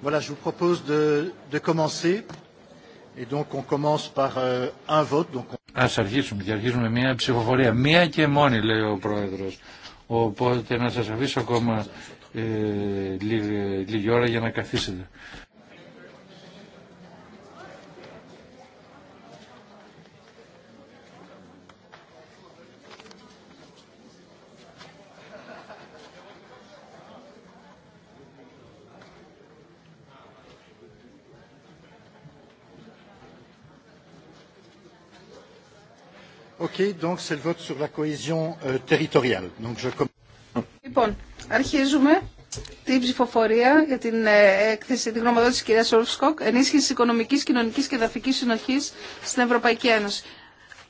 Voilà, je vous propose de, de commencer. Et donc on commence par euh, un vote. Donc on... Ας αρχίσουμε και αρχίζουμε μια ψηφοφορία. Μια και μόνη λέει ο Πρόεδρος. Οπότε να σας αφήσω ακόμα ε, λίγη, λίγη ώρα για να καθίσετε. Λοιπόν, αρχίζουμε την ψηφοφορία για την ε, έκθεση, την γνωμοδότηση της κυρίας Ορφσκοκ, ενίσχυση οικονομικής, κοινωνικής και δαφικής συνοχής στην Ευρωπαϊκή Ένωση.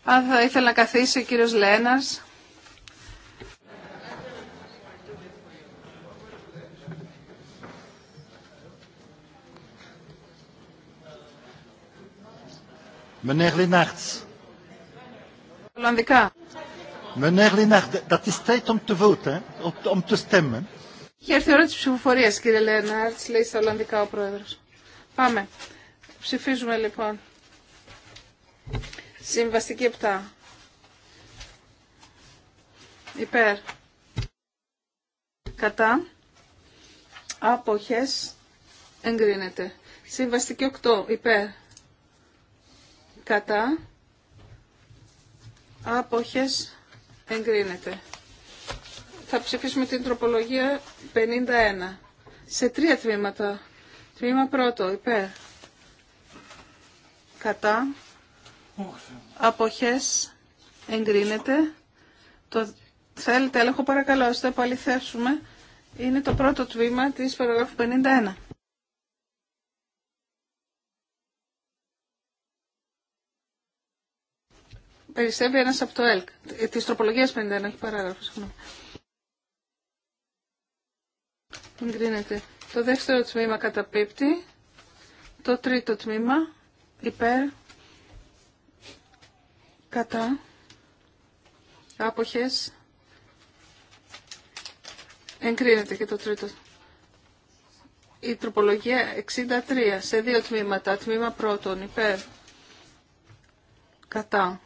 Αν θα ήθελα να καθίσει ο κύριος Λένας. Meneer Ολλανδικά. Έχει eh? eh? έρθει η ώρα τη ψηφοφορία, κύριε Λέναρτ, λέει στα Ολλανδικά ο πρόεδρο. Πάμε. Ψηφίζουμε λοιπόν. Συμβαστική 7. Υπέρ. Κατά. Αποχέ. Εγκρίνεται. Συμβαστική 8. Υπέρ. Κατά άποχες εγκρίνεται. Θα ψηφίσουμε την τροπολογία 51 σε τρία τμήματα. Τμήμα πρώτο, υπέρ. Κατά. Αποχές εγκρίνεται. Το θέλετε έλεγχο παρακαλώ, ας το επαληθεύσουμε. Είναι το πρώτο τμήμα της παραγράφου 51. Περισσεύει ένας από το ΕΛΚ. Της τροπολογίας 51, όχι παράγραφο. Συγγνώμη. Εγκρίνεται. Το δεύτερο τμήμα καταπίπτει. Το τρίτο τμήμα υπέρ κατά άποχες εγκρίνεται και το τρίτο. Η τροπολογία 63 σε δύο τμήματα. Τμήμα πρώτον υπέρ κατά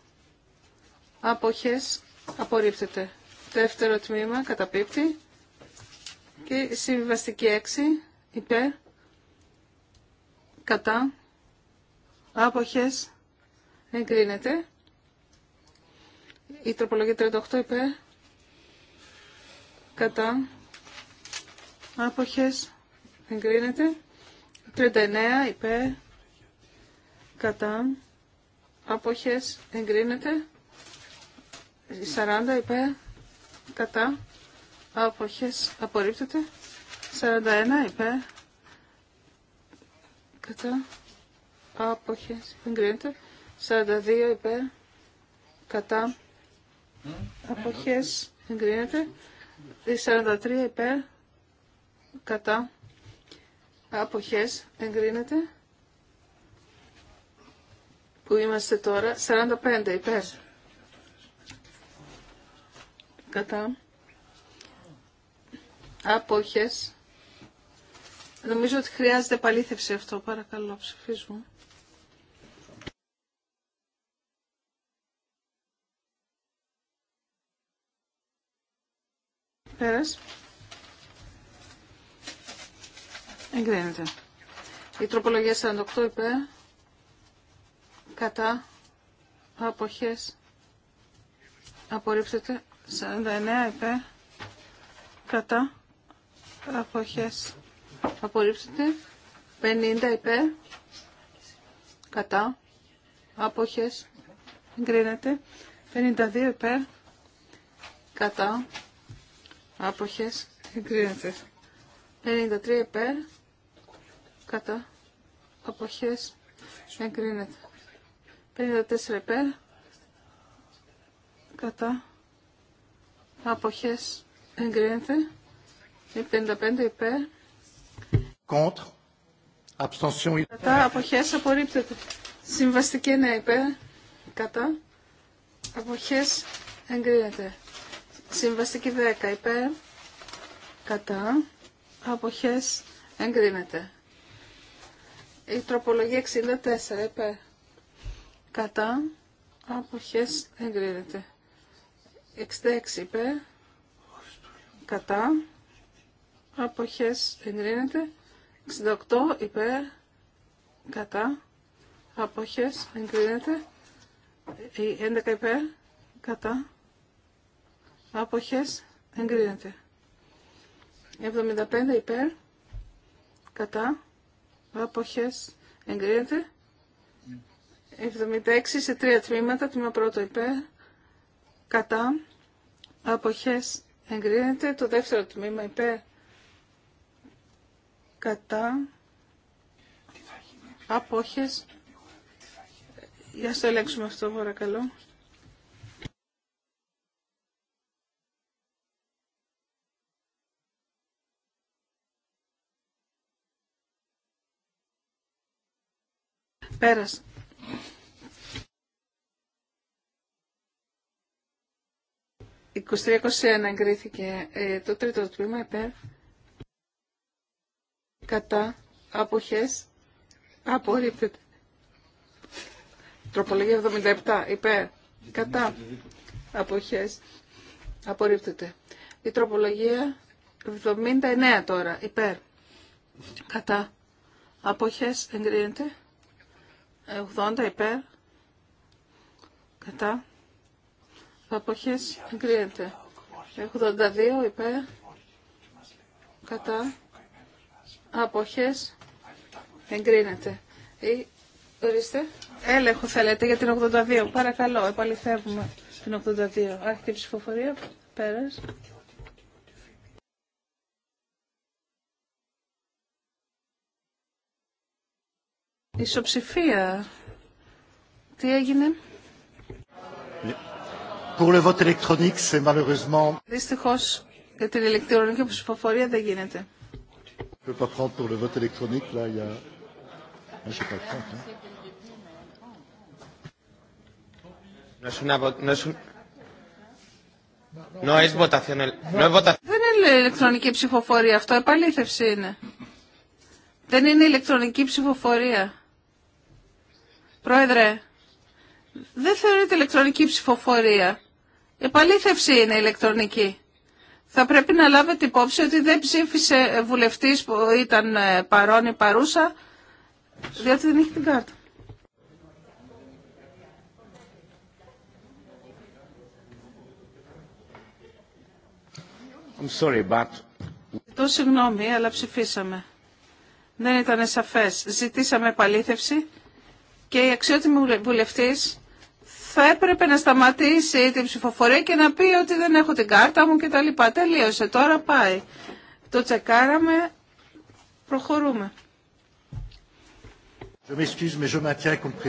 αποχές απορρίπτεται. Δεύτερο τμήμα καταπίπτει και συμβιβαστική 6 υπέρ κατά άποχες εγκρίνεται. Η τροπολογία 38 υπέρ κατά άποχες εγκρίνεται. 39 υπέρ κατά άποχες εγκρίνεται. 40 υπέρ κατά αποχές απορρίπτεται 41 υπέρ κατά αποχές εγκρίνεται 42 υπέρ κατά αποχές εγκρίνεται 43 υπέρ κατά αποχές εγκρίνεται που είμαστε τώρα 45 υπέρ κατά απόχες. Νομίζω ότι χρειάζεται παλήθευση αυτό. Παρακαλώ, ψηφίζουμε. Πέρας. Εγκρίνεται. Η τροπολογία 48 είπε Κατά. Αποχές. Απορρίπτεται. 49 επε. κατά αποχές απορρίψετε 50 επε. κατά αποχές εγκρίνεται 52 επε. κατά αποχές εγκρίνεται 53 επε. κατά αποχές εγκρίνεται 54 επέ. κατά αποχές εγκρίνεται. 55 υπέρ. Κατά αποχές απορρίπτεται. Συμβαστική 9 υπέρ. Κατά αποχές εγκρίνεται. Συμβαστική 10 υπέρ. Κατά αποχές εγκρίνεται. Η τροπολογία 64 υπέρ. Κατά αποχές εγκρίνεται. 66 υπέρ, κατά, αποχές εγκρίνεται, 68 υπέρ, κατά, αποχές εγκρίνεται, 11 υπέρ, κατά, αποχές εγκρίνεται, 75 υπέρ, κατά, αποχές εγκρίνεται, 76 σε τρία τμήματα, τμήμα πρώτο υπέρ, κατά αποχές εγκρίνεται το δεύτερο τμήμα υπέρ κατά απόχες για να το ελέγξουμε αυτό παρακαλώ πέρασε 23-21 εγκρίθηκε ε, το τρίτο τμήμα υπέρ κατά αποχές απορρίπτεται. Τροπολογία 77 υπέρ κατά αποχές απορρίπτεται. Η τροπολογία 79 τώρα υπέρ κατά αποχές εγκρίνεται. 80 υπέρ κατά Αποχές εγκρίνεται. 82 υπέρ. Κατά. Αποχές εγκρίνεται. Ή, ορίστε. Έλεγχο θέλετε για την 82. Παρακαλώ, επαληθεύουμε την 82. Άρχιτε η ψηφοφορία. Πέρας. Ισοψηφία. Τι έγινε. Ναι. Pour Δυστυχώς, για την ηλεκτρονική ψηφοφορία δεν γίνεται. Δεν είναι ηλεκτρονική ψηφοφορία αυτό, επαλήθευση είναι. Δεν είναι ηλεκτρονική ψηφοφορία. Πρόεδρε, δεν θεωρείται ηλεκτρονική ψηφοφορία. Επαλήθευση είναι ηλεκτρονική. Θα πρέπει να λάβετε υπόψη ότι δεν ψήφισε βουλευτής που ήταν ε, παρόν ή παρούσα, διότι δεν έχει την κάρτα. I'm συγγνώμη, αλλά ψηφίσαμε. Δεν ήταν σαφές. Ζητήσαμε επαλήθευση και η αξιότιμη βουλευτής θα έπρεπε να σταματήσει την ψηφοφορία και να πει ότι δεν έχω την κάρτα μου και τα λοιπά. Τελείωσε, τώρα πάει. Το τσεκάραμε, προχωρούμε.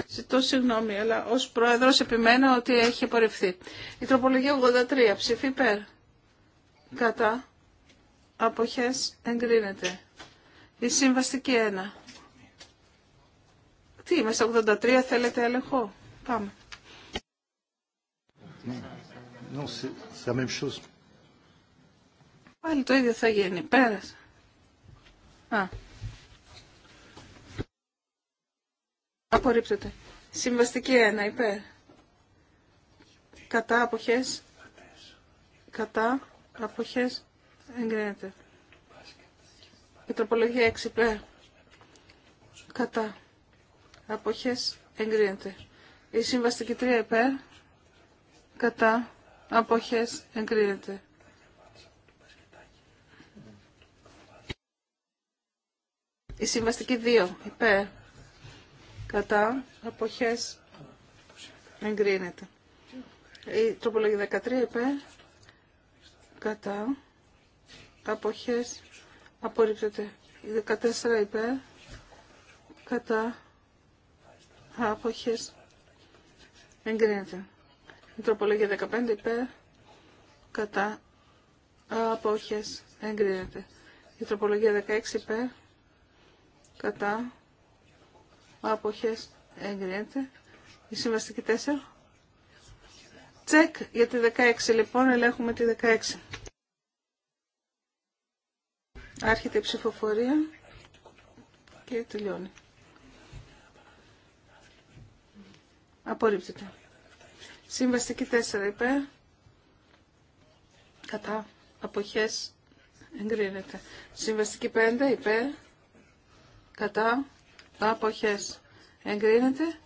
Ζητώ συγγνώμη, αλλά ως πρόεδρος επιμένω ότι έχει απορριφθεί. Η τροπολογία 83, ψηφί υπέρ. Κατά. Αποχές εγκρίνεται. Η συμβαστική 1. Τι, μέσα 83 θέλετε έλεγχο. Πάμε. Non, c'est la même chose. Πάλι το ίδιο θα γίνει. Πέρασε. Απορρίπτεται. Συμβαστική 1 υπέρ. Κατά αποχές. Κατά αποχές. Εγκρίνεται. Μητροπολογία 6 υπέρ. Κατά αποχές. Εγκρίνεται. Η συμβαστική 3 υπέρ κατά αποχές εγκρίνεται. Η συμβαστική 2 υπέρ κατά αποχές εγκρίνεται. Η τροπολογία 13 υπέρ κατά αποχές απορρίπτεται. Η 14 υπέρ κατά αποχές εγκρίνεται. Τροπολογία 15 υπέρ κατά απόχες εγκρίνεται. Η τροπολογία 16 υπέρ κατά απόχες εγκρίνεται. Η συμβαστική 4. Τσεκ για τη 16 λοιπόν, ελέγχουμε τη 16. Άρχεται η ψηφοφορία και τελειώνει. Απορρίπτεται. Συμβαστική 4 Ειπέ. Κατά. Αποχές εγκρίνεται. Συμβαστική 5 είπε, Κατά. Αποχές εγκρίνεται.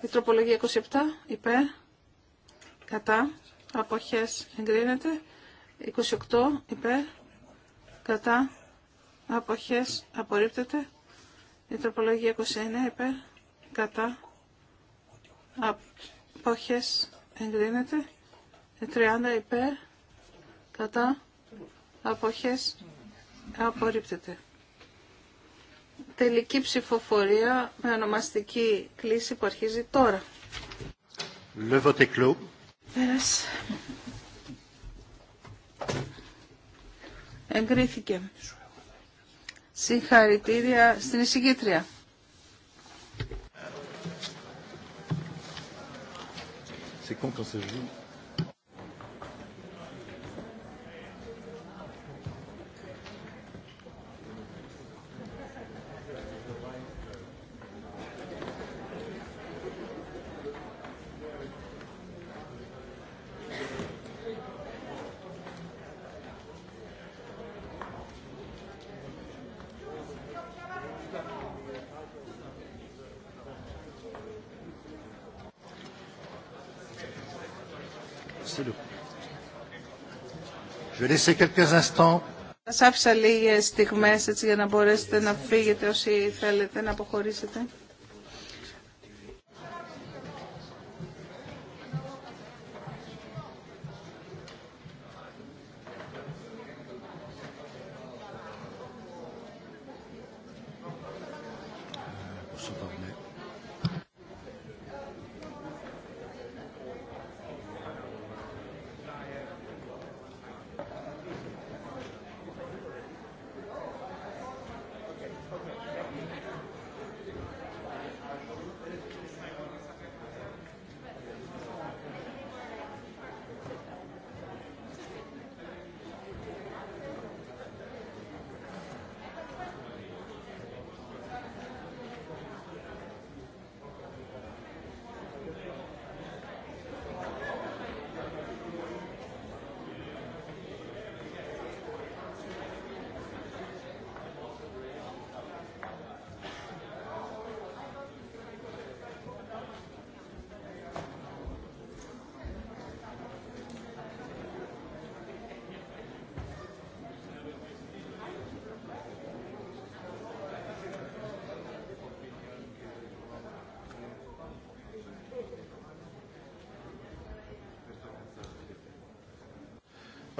Η τροπολογία 27 είπε, Κατά. Αποχές εγκρίνεται. 28 υπέρ. Κατά. Αποχές απορρίπτεται. Η τροπολογία 29 υπέρ. Κατά. Αποχές εγκρίνεται 30 υπέρ κατά αποχές απορρίπτεται. Τελική ψηφοφορία με ονομαστική κλίση που αρχίζει τώρα. Le vote Εγκρίθηκε. Συγχαρητήρια στην εισηγήτρια. C'est con quand ça joue. Θα Σας άφησα λίγες στιγμές έτσι για να μπορέσετε να φύγετε όσοι θέλετε να αποχωρήσετε.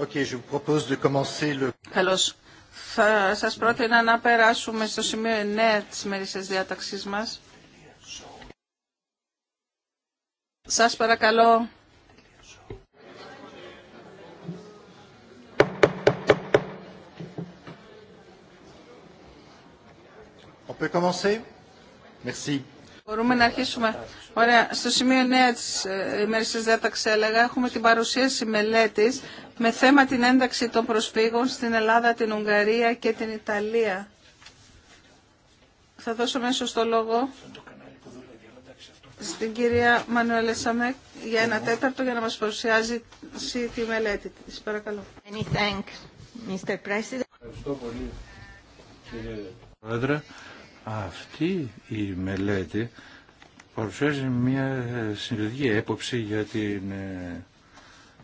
Okay, Καλώς. Θα σας πρότεινα να περάσουμε στο σημείο 9 της μερισσές διάταξής μας. Σας παρακαλώ. On peut commencer? Merci. Μπορούμε να αρχίσουμε. Ωραία. Στο σημείο 9 τη ε, ημέρης της διάταξης έλεγα έχουμε την παρουσίαση μελέτης με θέμα την ένταξη των προσφύγων στην Ελλάδα, την Ουγγαρία και την Ιταλία. Θα δώσω μέσω στο λόγο στην κυρία Μανουέλε Σαμέκ για ένα τέταρτο για να μας παρουσιάζει τη μελέτη της. Παρακαλώ. Ευχαριστώ πολύ κύριε Πρόεδρε. Αυτή η μελέτη παρουσιάζει μια συνολική έποψη για την ε,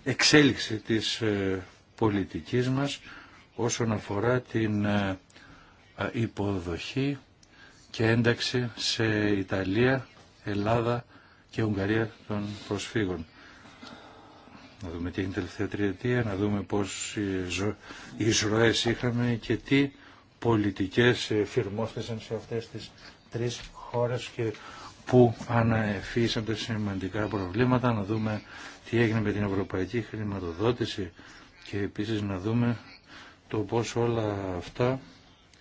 εξέλιξη της ε, πολιτικής μας όσον αφορά την ε, υποδοχή και ένταξη σε Ιταλία, Ελλάδα και Ουγγαρία των προσφύγων. Να δούμε τι είναι τελευταία τριετία, να δούμε πώς οι ζωές είχαμε και τι πολιτικές φυρμόστησαν σε αυτές τις τρεις χώρες και που αναεφίσανται σημαντικά προβλήματα, να δούμε τι έγινε με την ευρωπαϊκή χρηματοδότηση και επίσης να δούμε το πώς όλα αυτά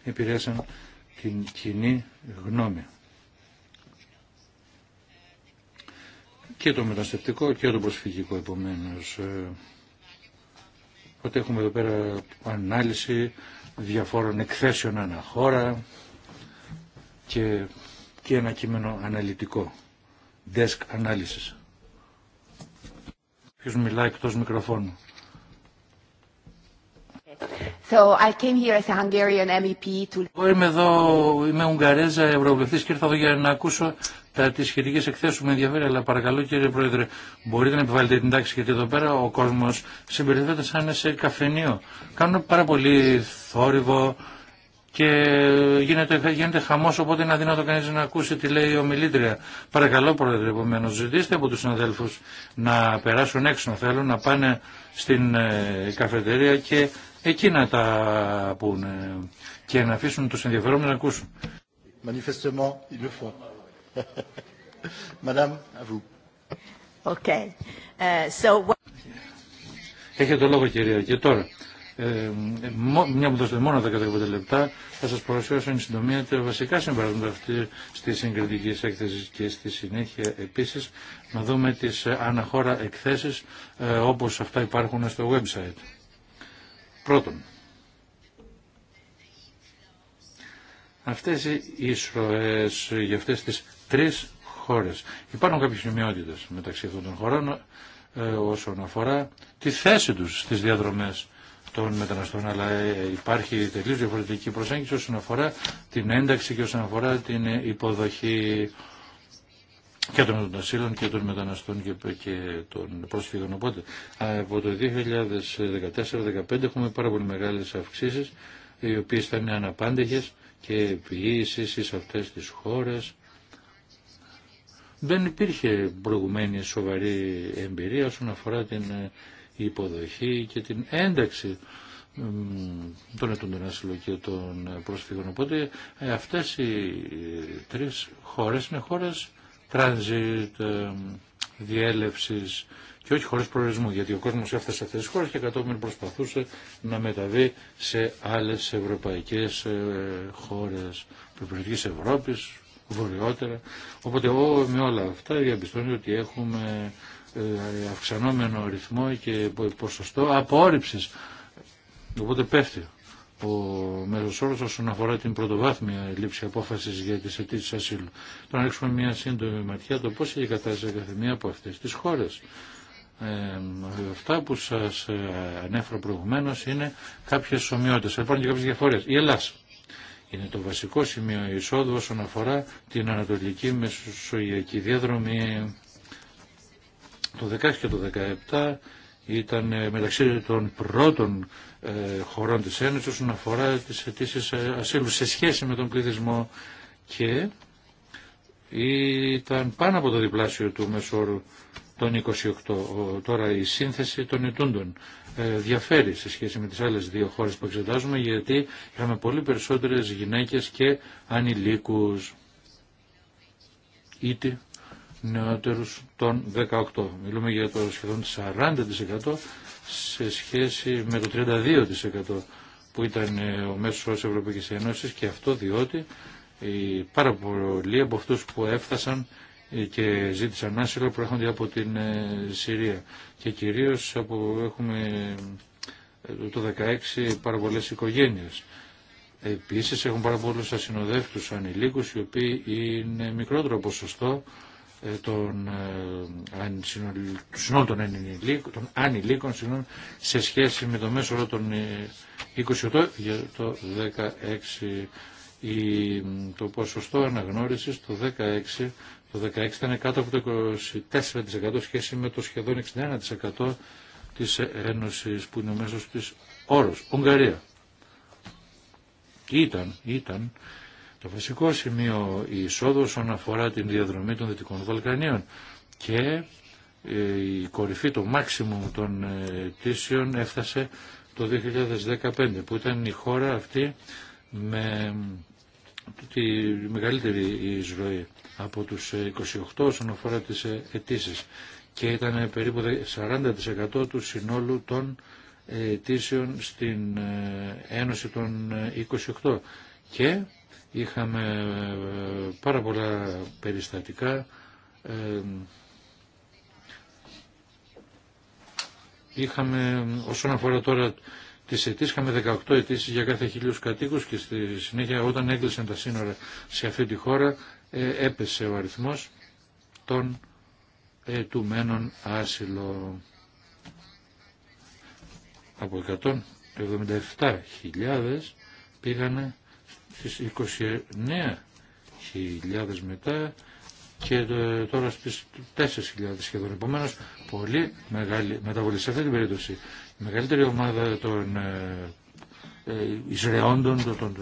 επηρέασαν την κοινή γνώμη. Και το μεταστευτικό και το προσφυγικό επομένως. Οπότε ε, έχουμε εδώ πέρα ανάλυση διαφόρων εκθέσεων αναχώρα και, και ένα κείμενο αναλυτικό, desk analysis. Ποιος μιλάει εκτός μικροφώνου. So I came here as a Hungarian MEP to... Εγώ είμαι εδώ, είμαι Ουγγαρέζα Ευρωβουλευτής και ήρθα εδώ για να ακούσω τα, τις σχετικές εκθέσεις με ενδιαφέρει, αλλά παρακαλώ κύριε Πρόεδρε, μπορείτε να επιβάλλετε την τάξη, γιατί εδώ πέρα ο κόσμος συμπεριφέρεται σαν σε καφενείο. Κάνουν πάρα πολύ θόρυβο και γίνεται, γίνεται χαμός, οπότε είναι αδύνατο κανείς να ακούσει τι λέει η ομιλήτρια. Παρακαλώ Πρόεδρε, επομένως, ζητήστε από τους συναδέλφους να περάσουν έξω, να θέλουν να πάνε στην ε, καφετερία και εκεί να τα πούνε και να αφήσουν τους ενδιαφερόμενους να ακούσουν. Manifestement, ils le font. Madame, à uh, So... Έχετε το λόγο κυρία. Και τώρα, ε, μια που δώσετε μόνο 15 λεπτά, θα σας παρουσιάσω εν συντομία τα βασικά συμπεράσματα αυτή τη συγκριτική έκθεση και στη συνέχεια επίσης να δούμε τις αναχώρα εκθέσεις ε, όπως αυτά υπάρχουν στο website. Πρώτον, αυτές οι ισροές για αυτές τις τρεις χώρες. Υπάρχουν κάποιες νομιότητες μεταξύ αυτών των χωρών ε, όσον αφορά τη θέση τους στις διαδρομές των μεταναστών, αλλά ε, υπάρχει τελείως διαφορετική προσέγγιση όσον αφορά την ένταξη και όσον αφορά την υποδοχή και των ασύλων και των μεταναστών και, και των πρόσφυγων. Οπότε από το 2014-2015 έχουμε πάρα πολύ μεγάλες αυξήσεις οι οποίες θα είναι αναπάντεχες και επίσης σε αυτές τις χώρες δεν υπήρχε προηγουμένη σοβαρή εμπειρία όσον αφορά την ε, υποδοχή και την ένταξη των των ασύλων και των πρόσφυγων. Οπότε ε, αυτές οι τρεις χώρες είναι χώρες τράνζιτ, ε, διέλευσης και όχι χωρίς προορισμού, γιατί ο κόσμος έφτασε σε αυτές τις χώρες και κατόπιν προσπαθούσε να μεταβεί σε άλλες ευρωπαϊκές χώρες, περιοχής Ευρώπης, βορειότερα. Οπότε ό, με όλα αυτά διαπιστώνει ότι έχουμε ε, αυξανόμενο ρυθμό και ποσοστό απόρριψης. Οπότε πέφτει ο μέσος όρος όσον μεσο όρο οσον αφορα την πρωτοβάθμια λήψη απόφαση για τις αιτήσει ασύλου. Τώρα να ρίξουμε μια σύντομη ματιά το πώς έχει κατάσταση κάθε μία από αυτέ τι χώρες. Ε, αυτά που σας ε, ανέφερα προηγουμένω είναι κάποιε ομοιότητε. Υπάρχουν και κάποιε διαφορές. Η Ελλάδα είναι το βασικό σημείο εισόδου όσον αφορά την Ανατολική Μεσοσογειακή Διαδρομή. Το 16 και το 17 ήταν ε, μεταξύ των πρώτων ε, χωρών της Ένωσης όσον αφορά τις αιτήσει ε, ασύλου σε σχέση με τον πληθυσμό και ήταν πάνω από το διπλάσιο του μεσόρου των 28. Τώρα η σύνθεση των ετούντων ε, διαφέρει σε σχέση με τις άλλες δύο χώρες που εξετάζουμε γιατί είχαμε πολύ περισσότερες γυναίκες και ανηλίκους είτε νεότερους των 18. Μιλούμε για το σχεδόν 40% σε σχέση με το 32% που ήταν ε, ο μέσος όρος Ευρωπαϊκής Ένωσης και αυτό διότι οι πάρα πολλοί από αυτούς που έφτασαν ε, και ζήτησαν άσυλο προέρχονται από την ε, Συρία και κυρίως από έχουμε ε, το 16 πάρα πολλές οικογένειες. Επίσης έχουν πάρα πολλούς ασυνοδεύτους ανηλίκους οι οποίοι είναι μικρότερο ποσοστό των, των, ανηλίκων, των ανηλίκων σε σχέση με το μέσο όρο των 28 για το 16 η, το ποσοστό αναγνώρισης το 16 το 2016 ήταν κάτω από το 24% σχέση με το σχεδόν 61% της Ένωσης που είναι ο μέσος της όρος. Ουγγαρία. Ήταν, ήταν το βασικό σημείο η εισόδου όσον αφορά την διαδρομή των Δυτικών Βαλκανίων και ε, η κορυφή, το μάξιμου των ε, τήσεων έφτασε το 2015 που ήταν η χώρα αυτή με τη μεγαλύτερη εισρωή από τους 28 ε, όσον αφορά τις ε, αιτήσει και ήταν ε, περίπου 40% του συνόλου των αιτήσεων στην Ένωση των 28 και είχαμε πάρα πολλά περιστατικά είχαμε όσον αφορά τώρα Τη αιτήσεις είχαμε 18 αιτήσει για κάθε χιλίου κατοίκου και στη συνέχεια όταν έκλεισαν τα σύνορα σε αυτή τη χώρα ε, έπεσε ο αριθμός των αιτουμένων άσυλο από 177.000 πήγανε στις 29.000 μετά και ε, τώρα στις 4.000 σχεδόν. Επομένως, πολύ μεγάλη μεταβολή. Σε αυτή την περίπτωση μεγαλύτερη ομάδα των ε, ε, Ισραηλόντων, των,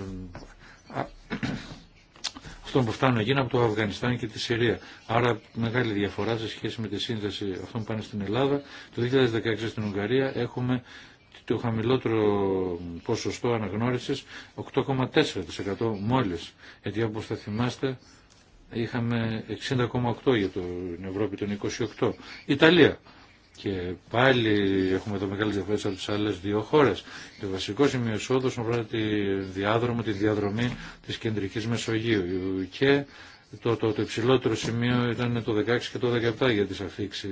αυτών που φτάνουν εκεί από το Αφγανιστάν και τη Συρία. Άρα μεγάλη διαφορά σε σχέση με τη σύνδεση αυτών που πάνε στην Ελλάδα. Το 2016 στην Ουγγαρία έχουμε το χαμηλότερο ποσοστό αναγνώρισης, 8,4% μόλις. Γιατί όπως θα θυμάστε είχαμε 60,8% για την Ευρώπη των 28. Ιταλία, και πάλι έχουμε εδώ μεγάλε διαφορέ από τι άλλε δύο χώρε. Το βασικό σημείο εισόδου αφορά τη διάδρομο, τη διαδρομή τη κεντρική Μεσογείου. Και το, το, το υψηλότερο σημείο ήταν το 16 και το 17 για τις αφήξει.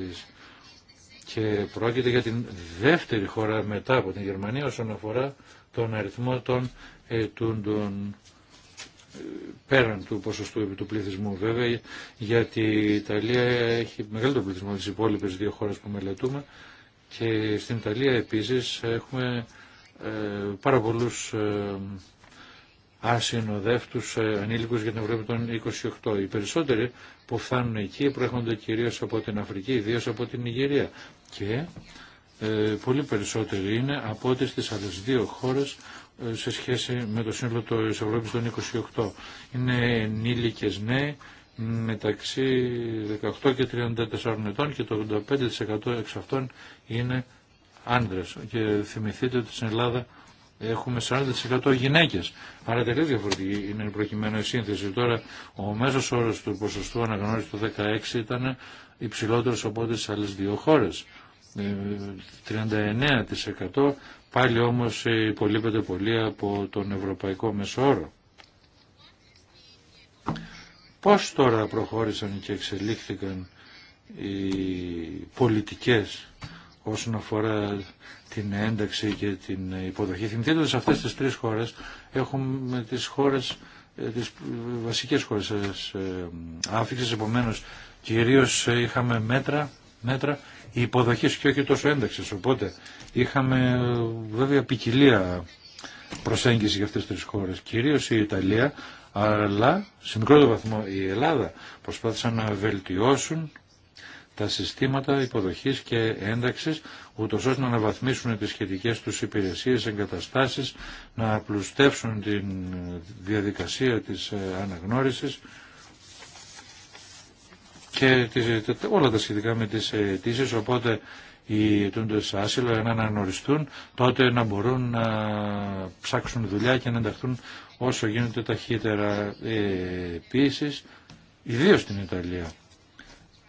Και πρόκειται για την δεύτερη χώρα μετά από την Γερμανία όσον αφορά τον αριθμό των ετούντων πέραν του ποσοστού επί του πληθυσμού βέβαια, γιατί η Ιταλία έχει μεγαλύτερο πληθυσμό από τις υπόλοιπες δύο χώρες που μελετούμε και στην Ιταλία επίσης έχουμε ε, πάρα πολλούς ε, ασυνοδεύτους ε, ανήλικους για την Ευρώπη των 28. Οι περισσότεροι που φτάνουν εκεί προέρχονται κυρίως από την Αφρική, ιδίω από την Ιγυρία Και πολύ περισσότεροι είναι από ό,τι στις άλλες δύο χώρες σε σχέση με το σύνολο της Ευρώπης των 28. Είναι ενήλικες νέοι μεταξύ 18 και 34 ετών και το 85% εξ αυτών είναι άντρες. Και θυμηθείτε ότι στην Ελλάδα έχουμε 40% γυναίκες. Άρα τελείως διαφορετική είναι προκειμένου η σύνθεση. Τώρα ο μέσος όρος του ποσοστού αναγνώρισης του 16 ήταν υψηλότερος από στις άλλες δύο χώρες. 39% ε, Πάλι όμως υπολείπεται πολύ από τον Ευρωπαϊκό Μεσόρο. Πώς τώρα προχώρησαν και εξελίχθηκαν οι πολιτικές όσον αφορά την ένταξη και την υποδοχή. Θυμηθείτε σε αυτές τις τρεις χώρες έχουμε τις χώρες, ε, τις βασικές χώρες ε, ε, άφηξες, επομένως κυρίως είχαμε μέτρα, μέτρα υποδοχής και όχι τόσο ένταξης. Οπότε είχαμε βέβαια ποικιλία προσέγγιση για αυτές τις τρεις χώρες. Κυρίως η Ιταλία, αλλά σε μικρότερο βαθμό η Ελλάδα προσπάθησαν να βελτιώσουν τα συστήματα υποδοχής και ένταξης, ούτω ώστε να αναβαθμίσουν τις σχετικές τους υπηρεσίες, εγκαταστάσεις, να απλουστεύσουν τη διαδικασία της ε, αναγνώρισης και όλα τα σχετικά με τις αιτήσει, οπότε οι αιτούντες άσυλο να αναγνωριστούν, τότε να μπορούν να ψάξουν δουλειά και να ενταχθούν όσο γίνεται ταχύτερα ε, Επίση, ιδίως στην Ιταλία.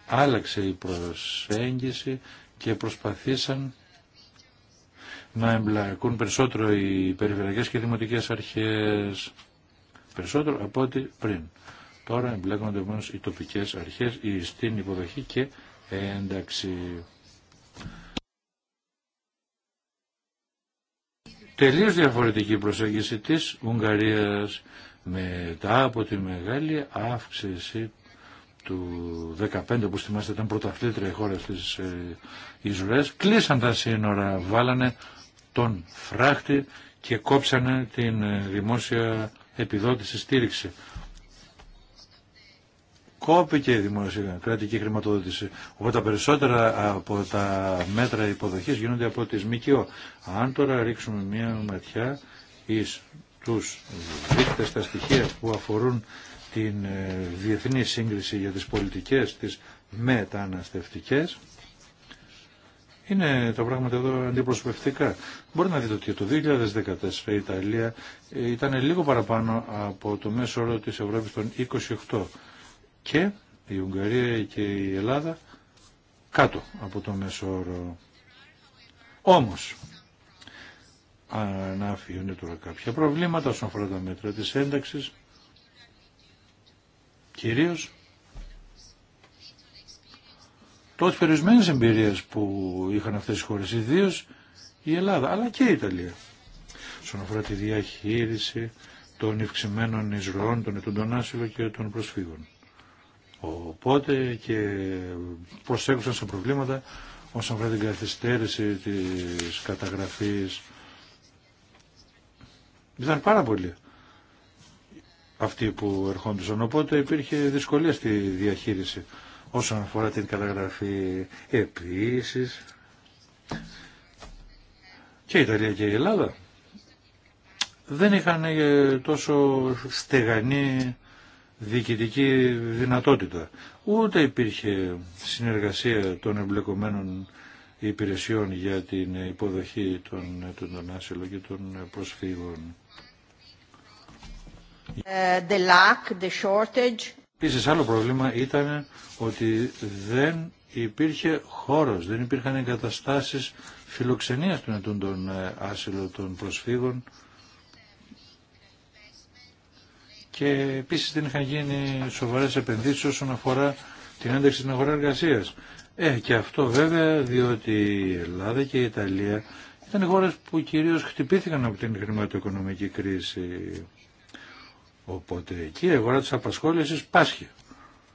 Άλλαξε η προσέγγιση και προσπαθήσαν να εμπλακούν περισσότερο οι περιφερειακές και δημοτικές αρχές, περισσότερο από ό,τι πριν. Τώρα εμπλέκονται επομένω οι τοπικές αρχές στην υποδοχή και ένταξη. Τελείως διαφορετική προσέγγιση της Ουγγαρίας μετά από τη μεγάλη αύξηση του 2015 που θυμάστε ήταν πρωταθλήτρια η χώρα της ε, Ισραήλ κλείσαν τα σύνορα, βάλανε τον φράχτη και κόψανε την ε, δημόσια επιδότηση στήριξη κόπηκε η δημοσιοκρατική χρηματοδότηση. Οπότε τα περισσότερα από τα μέτρα υποδοχή γίνονται από τι ΜΚΟ. Αν τώρα ρίξουμε μία ματιά ει του στα τα στοιχεία που αφορούν την ε, διεθνή σύγκριση για τι πολιτικέ τις μεταναστευτικέ, είναι τα πράγματα εδώ αντιπροσωπευτικά. Μπορεί να δείτε ότι το 2014 η Ιταλία ε, ήταν λίγο παραπάνω από το μέσο όρο της Ευρώπης των 28 και η Ουγγαρία και η Ελλάδα κάτω από το μέσο όρο. Όμως, αφήνουν τώρα κάποια προβλήματα όσον αφορά τα μέτρα της ένταξης, κυρίως τότε περιορισμένες εμπειρίες που είχαν αυτές οι χώρες, ιδίω η Ελλάδα, αλλά και η Ιταλία. Όσον αφορά τη διαχείριση των ευξημένων εισρωών, των των και των προσφύγων. Οπότε και προσέξαν σε προβλήματα όσον αφορά την καθυστέρηση της καταγραφής. Ήταν πάρα πολλοί αυτοί που ερχόντουσαν. Οπότε υπήρχε δυσκολία στη διαχείριση όσον αφορά την καταγραφή επίσης. Και η Ιταλία και η Ελλάδα δεν είχαν ε, τόσο στεγανή διοικητική δυνατότητα. Ούτε υπήρχε συνεργασία των εμπλεκομένων υπηρεσιών για την υποδοχή των, των άσυλων και των προσφύγων. Ε, the lack, the shortage. άλλο πρόβλημα ήταν ότι δεν υπήρχε χώρος, δεν υπήρχαν εγκαταστάσεις φιλοξενίας των των ε, άσυλων των προσφύγων και επίσης δεν είχαν γίνει σοβαρές επενδύσεις όσον αφορά την ένταξη στην αγορά εργασίας. Ε, και αυτό βέβαια διότι η Ελλάδα και η Ιταλία ήταν οι χώρες που κυρίως χτυπήθηκαν από την χρηματοοικονομική κρίση. Οπότε εκεί η αγορά της απασχόλησης πάσχει.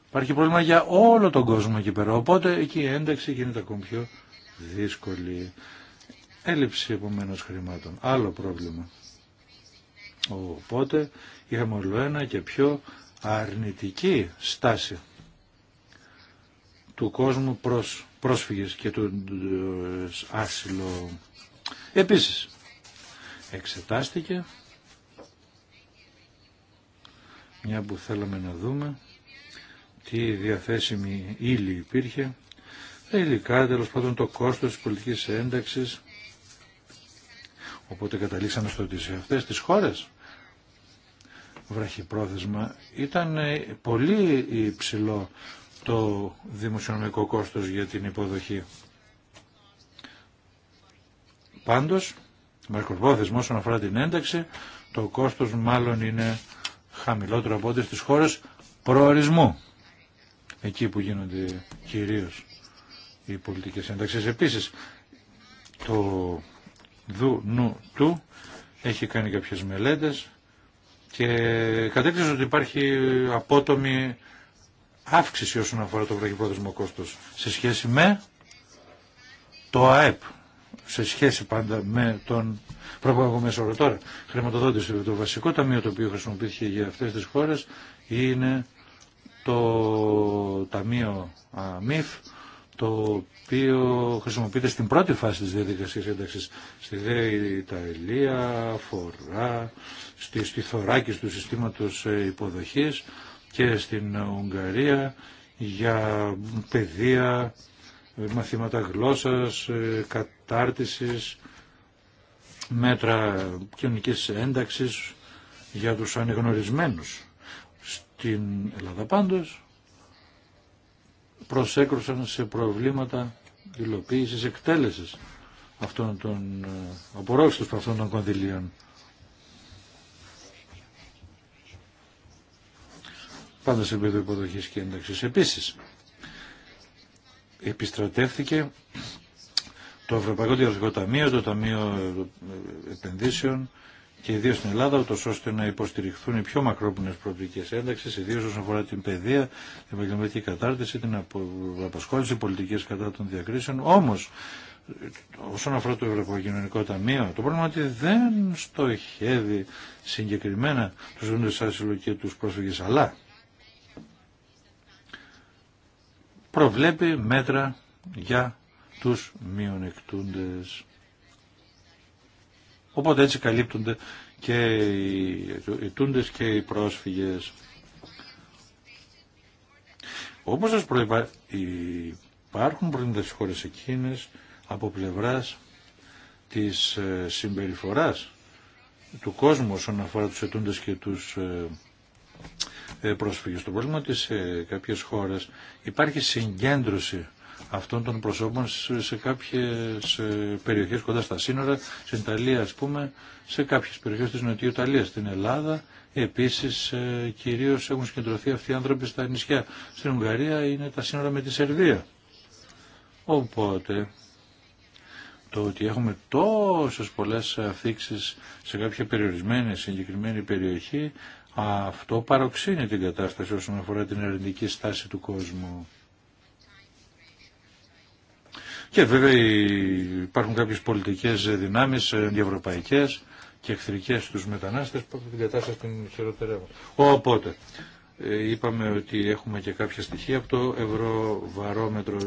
Υπάρχει πρόβλημα για όλο τον κόσμο εκεί πέρα. Οπότε εκεί η ένταξη γίνεται ακόμη πιο δύσκολη. Έλλειψη επομένω χρημάτων. Άλλο πρόβλημα. Οπότε είχαμε όλο ένα και πιο αρνητική στάση του κόσμου προς πρόσφυγες και του άσυλο. Επίσης, εξετάστηκε μια που θέλαμε να δούμε τι διαθέσιμη ύλη υπήρχε, τα υλικά, τέλος πάντων το κόστος της πολιτικής ένταξης, Οπότε καταλήξαμε στο ότι σε αυτές τις χώρες βραχυπρόθεσμα ήταν ε, πολύ υψηλό το δημοσιονομικό κόστος για την υποδοχή. Πάντως, μακροπρόθεσμα όσον αφορά την ένταξη, το κόστος μάλλον είναι χαμηλότερο από ό,τι στις χώρες προορισμού. Εκεί που γίνονται κυρίως οι πολιτικές ένταξεις. Επίσης, το δου νου του έχει κάνει κάποιες μελέτες και κατέκτησε ότι υπάρχει απότομη αύξηση όσον αφορά το βραχυπρόθεσμο κόστος σε σχέση με το ΑΕΠ σε σχέση πάντα με τον προπαγωγό μέσο όρο τώρα. Χρηματοδότηση, το βασικό ταμείο το οποίο χρησιμοποιήθηκε για αυτές τις χώρες είναι το Ταμείο ΑΜΙΦ το οποίο χρησιμοποιείται στην πρώτη φάση της διαδικασίας ένταξης στη ΔΕΗ, Ιταλία, φορά, στη, στη του συστήματος ε, υποδοχής και στην Ουγγαρία για παιδεία, ε, μαθήματα γλώσσας, ε, κατάρτισης, μέτρα κοινωνικής ένταξης για τους ανεγνωρισμένους. Στην Ελλάδα πάντως προσέκρουσαν σε προβλήματα υλοποίησης εκτέλεσης αυτών των ε, απορρόφηση αυτών των κονδυλίων. Πάντα σε επίπεδο υποδοχή και ένταξη. Επίσης, επιστρατεύθηκε το Ευρωπαϊκό Διαρθρωτικό Ταμείο, το Ταμείο Επενδύσεων, και ιδίω στην Ελλάδα, ούτω ώστε να υποστηριχθούν οι πιο μακρόπινε προοπτικέ ένταξη, ιδίω όσον αφορά την παιδεία, την επαγγελματική κατάρτιση, την απασχόληση, πολιτικέ κατά των διακρίσεων. Όμω, όσον αφορά το Κοινωνικό Ταμείο, το πρόβλημα είναι ότι δεν στοχεύει συγκεκριμένα του ζωντανού άσυλου και του πρόσφυγε, αλλά προβλέπει μέτρα για τους μειονεκτούντες. Οπότε έτσι καλύπτονται και οι τούντες και οι πρόσφυγες. Όπως σας προείπα, υπάρχουν προτείνοντας χώρε χώρες εκείνες από πλευράς της ε, συμπεριφοράς του κόσμου όσον αφορά τους ετούντες και τους ε, ε, πρόσφυγες. Το πρόβλημα της σε κάποιες χώρες υπάρχει συγκέντρωση αυτών των προσώπων σε κάποιες ε, περιοχές κοντά στα σύνορα, στην Ιταλία ας πούμε, σε κάποιες περιοχές της Νοτιού Ιταλίας, στην Ελλάδα. Επίσης ε, κυρίως έχουν συγκεντρωθεί αυτοί οι άνθρωποι στα νησιά. Στην Ουγγαρία είναι τα σύνορα με τη Σερβία. Οπότε το ότι έχουμε τόσες πολλές αφήξεις σε κάποια περιορισμένη συγκεκριμένη περιοχή αυτό παροξύνει την κατάσταση όσον αφορά την αρνητική στάση του κόσμου. Και βέβαια υπάρχουν κάποιες πολιτικές δυνάμεις ε, ευρωπαϊκές και εχθρικές στους μετανάστες που την κατάσταση την χειροτερεύουν. Οπότε, ε, είπαμε ότι έχουμε και κάποια στοιχεία από το Ευρωβαρόμετρο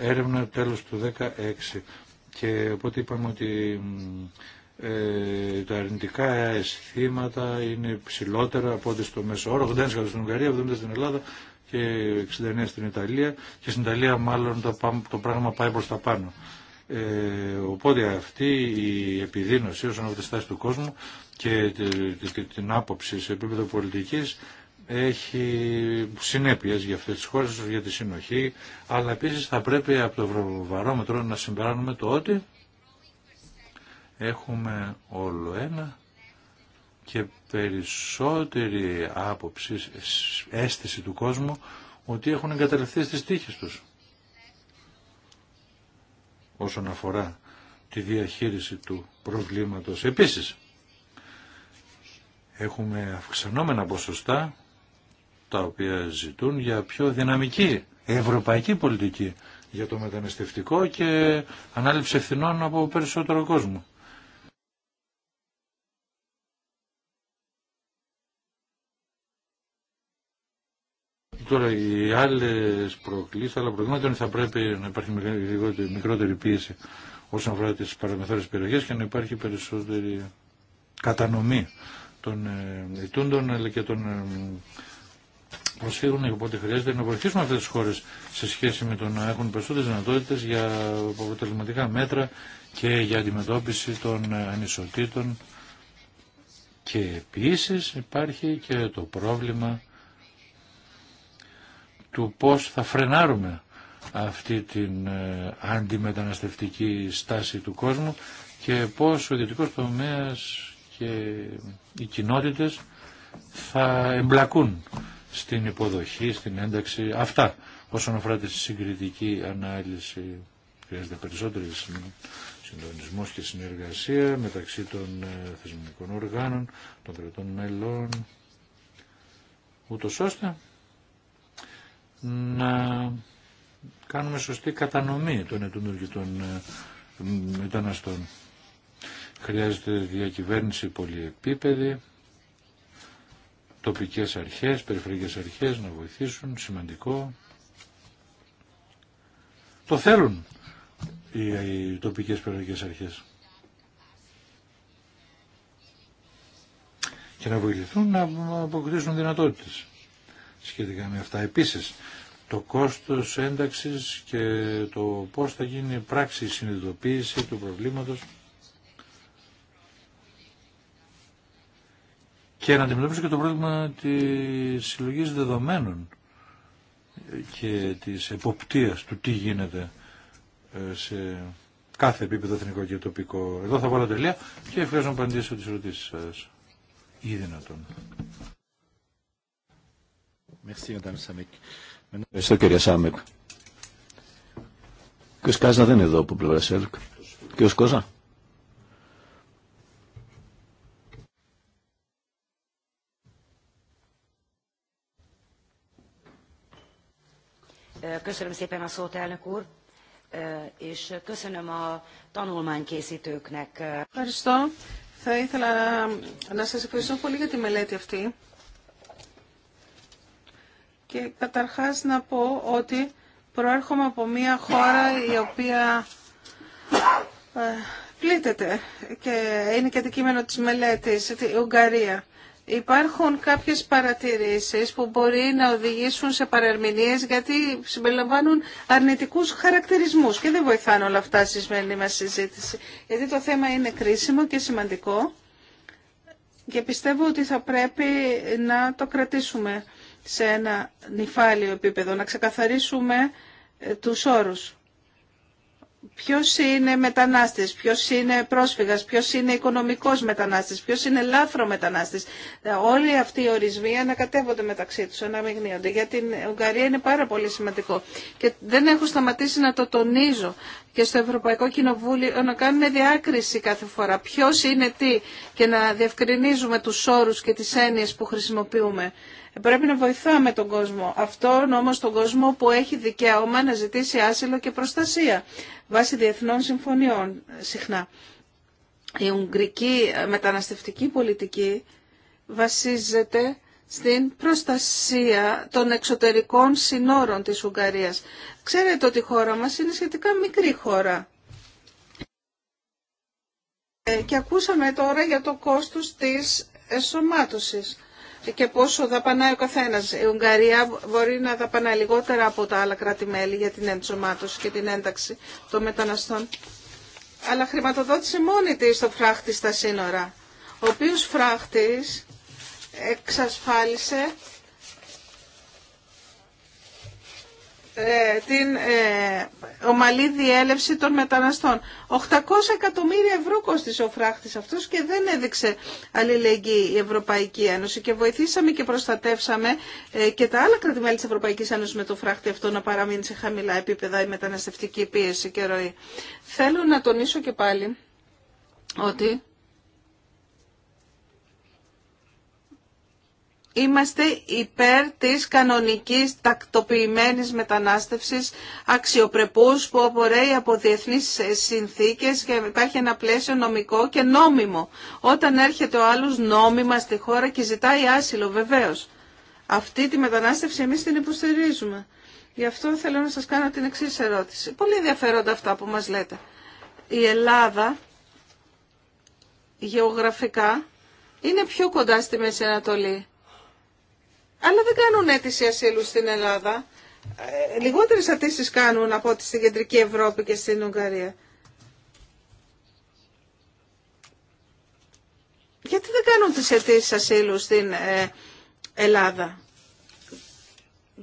έρευνα τέλος του 16 και οπότε είπαμε ότι ε, τα αρνητικά αισθήματα είναι ψηλότερα από ό,τι στο μέσο όρο, 80% στην Ουγγαρία, 70% στην Ελλάδα και 69 στην Ιταλία και στην Ιταλία μάλλον το, πράγμα πάει προς τα πάνω. Ε, οπότε αυτή η επιδείνωση όσον αφορά τη στάση του κόσμου και την άποψη σε επίπεδο πολιτικής έχει συνέπειες για αυτές τις χώρες, για τη συνοχή, αλλά επίσης θα πρέπει από το βαρόμετρο να συμπεράνουμε το ότι έχουμε όλο ένα και περισσότερη άποψη, αίσθηση του κόσμου ότι έχουν εγκαταλειφθεί στις τύχες τους όσον αφορά τη διαχείριση του προβλήματος. Επίσης, έχουμε αυξανόμενα ποσοστά τα οποία ζητούν για πιο δυναμική ευρωπαϊκή πολιτική για το μεταναστευτικό και ανάληψη ευθυνών από περισσότερο κόσμο. Τώρα οι άλλε προκλήσει, αλλά προβλήματα θα πρέπει να υπάρχει μικρότερη πίεση όσον αφορά τι παραμεθόρε περιοχέ και να υπάρχει περισσότερη κατανομή των ε, ετούντων αλλά και των ε, προσφύγων. Οπότε χρειάζεται να βοηθήσουμε αυτέ τι χώρε σε σχέση με το να έχουν περισσότερε δυνατότητε για αποτελεσματικά μέτρα και για αντιμετώπιση των ε, ανισοτήτων. Και επίσης υπάρχει και το πρόβλημα του πώς θα φρενάρουμε αυτή την ε, αντιμεταναστευτική στάση του κόσμου και πώς ο ιδιωτικός τομέας και οι κοινότητες θα εμπλακούν στην υποδοχή, στην ένταξη. Αυτά όσον αφορά τη συγκριτική ανάλυση χρειάζεται περισσότερη συντονισμό και συνεργασία μεταξύ των ε, θεσμικών οργάνων, των κρατών μελών, Ούτως ώστε να κάνουμε σωστή κατανομή των ετούντων και των ε, μεταναστών. Χρειάζεται διακυβέρνηση πολυεπίπεδη, τοπικές αρχές, περιφερειακές αρχές να βοηθήσουν, σημαντικό. Το θέλουν οι, οι τοπικές περιφερειακές αρχές. Και να βοηθηθούν να αποκτήσουν δυνατότητες σχετικά με αυτά. Επίσης, το κόστος ένταξης και το πώς θα γίνει πράξη συνειδητοποίηση του προβλήματος και να αντιμετωπίσω και το πρόβλημα τη συλλογής δεδομένων και της εποπτείας του τι γίνεται ε, σε κάθε επίπεδο εθνικό και τοπικό. Εδώ θα βάλω τελεία και ευχαριστώ να απαντήσω τις ρωτήσεις σας ή δυνατόν. Ευχαριστώ κύριε Σάμεκ. Ο κ. Κάζνα δεν είναι εδώ από πλευρά ΣΕΛΚ. Κ. Κόζα. Köszönöm Ευχαριστώ. Θα ήθελα να σας ευχαριστώ πολύ για τη μελέτη αυτή. Και καταρχάς να πω ότι προέρχομαι από μια χώρα η οποία ε, πλήττεται και είναι και αντικείμενο της μελέτης, η Ουγγαρία. Υπάρχουν κάποιες παρατηρήσεις που μπορεί να οδηγήσουν σε παρερμηνίες γιατί συμπεριλαμβάνουν αρνητικούς χαρακτηρισμούς και δεν βοηθάνε όλα αυτά στη σημερινή μας συζήτηση. Γιατί το θέμα είναι κρίσιμο και σημαντικό και πιστεύω ότι θα πρέπει να το κρατήσουμε σε ένα νυφάλιο επίπεδο, να ξεκαθαρίσουμε ε, τους όρους. Ποιος είναι μετανάστης, ποιος είναι πρόσφυγας, ποιος είναι οικονομικός μετανάστης, ποιος είναι λάθρο μετανάστης. Ε, όλοι αυτοί οι ορισμοί ανακατεύονται μεταξύ τους, αναμειγνύονται. Για την Ουγγαρία είναι πάρα πολύ σημαντικό. Και δεν έχω σταματήσει να το τονίζω και στο Ευρωπαϊκό Κοινοβούλιο να κάνουμε διάκριση κάθε φορά. Ποιος είναι τι και να διευκρινίζουμε τους όρους και τις έννοιες που χρησιμοποιούμε. Ε, πρέπει να βοηθάμε τον κόσμο. Αυτόν όμως τον κόσμο που έχει δικαίωμα να ζητήσει άσυλο και προστασία βάσει διεθνών συμφωνιών συχνά. Η ουγγρική ε, μεταναστευτική πολιτική βασίζεται στην προστασία των εξωτερικών συνόρων της Ουγγαρίας. Ξέρετε ότι η χώρα μας είναι σχετικά μικρή χώρα. Ε, και ακούσαμε τώρα για το κόστος της εσωμάτωσης και πόσο δαπανάει ο καθένας. Η Ουγγαρία μπορεί να δαπανάει λιγότερα από τα άλλα κράτη-μέλη για την ενσωμάτωση και την ένταξη των μεταναστών. Αλλά χρηματοδότησε μόνη τη το φράχτη στα σύνορα, ο οποίο φράχτης εξασφάλισε Ε, την ε, ομαλή διέλευση των μεταναστών. 800 εκατομμύρια ευρώ κόστησε ο φράχτης αυτός και δεν έδειξε αλληλεγγύη η Ευρωπαϊκή Ένωση και βοηθήσαμε και προστατεύσαμε ε, και τα άλλα κρατημέλη της Ευρωπαϊκής Ένωσης με το φράχτη αυτό να παραμείνει σε χαμηλά επίπεδα η μεταναστευτική πίεση και ροή. Θέλω να τονίσω και πάλι ότι Είμαστε υπέρ της κανονικής τακτοποιημένης μετανάστευσης αξιοπρεπούς που απορρέει από διεθνείς συνθήκες και υπάρχει ένα πλαίσιο νομικό και νόμιμο. Όταν έρχεται ο άλλος νόμιμα στη χώρα και ζητάει άσυλο βεβαίως. Αυτή τη μετανάστευση εμείς την υποστηρίζουμε. Γι' αυτό θέλω να σας κάνω την εξής ερώτηση. Πολύ ενδιαφέροντα αυτά που μας λέτε. Η Ελλάδα γεωγραφικά είναι πιο κοντά στη Μέση Ανατολή αλλά δεν κάνουν αίτηση ασύλου στην Ελλάδα. Ε, λιγότερες αιτήσει κάνουν από ό,τι στην Κεντρική Ευρώπη και στην Ουγγαρία. Γιατί δεν κάνουν τις αιτήσει ασύλου στην ε, Ελλάδα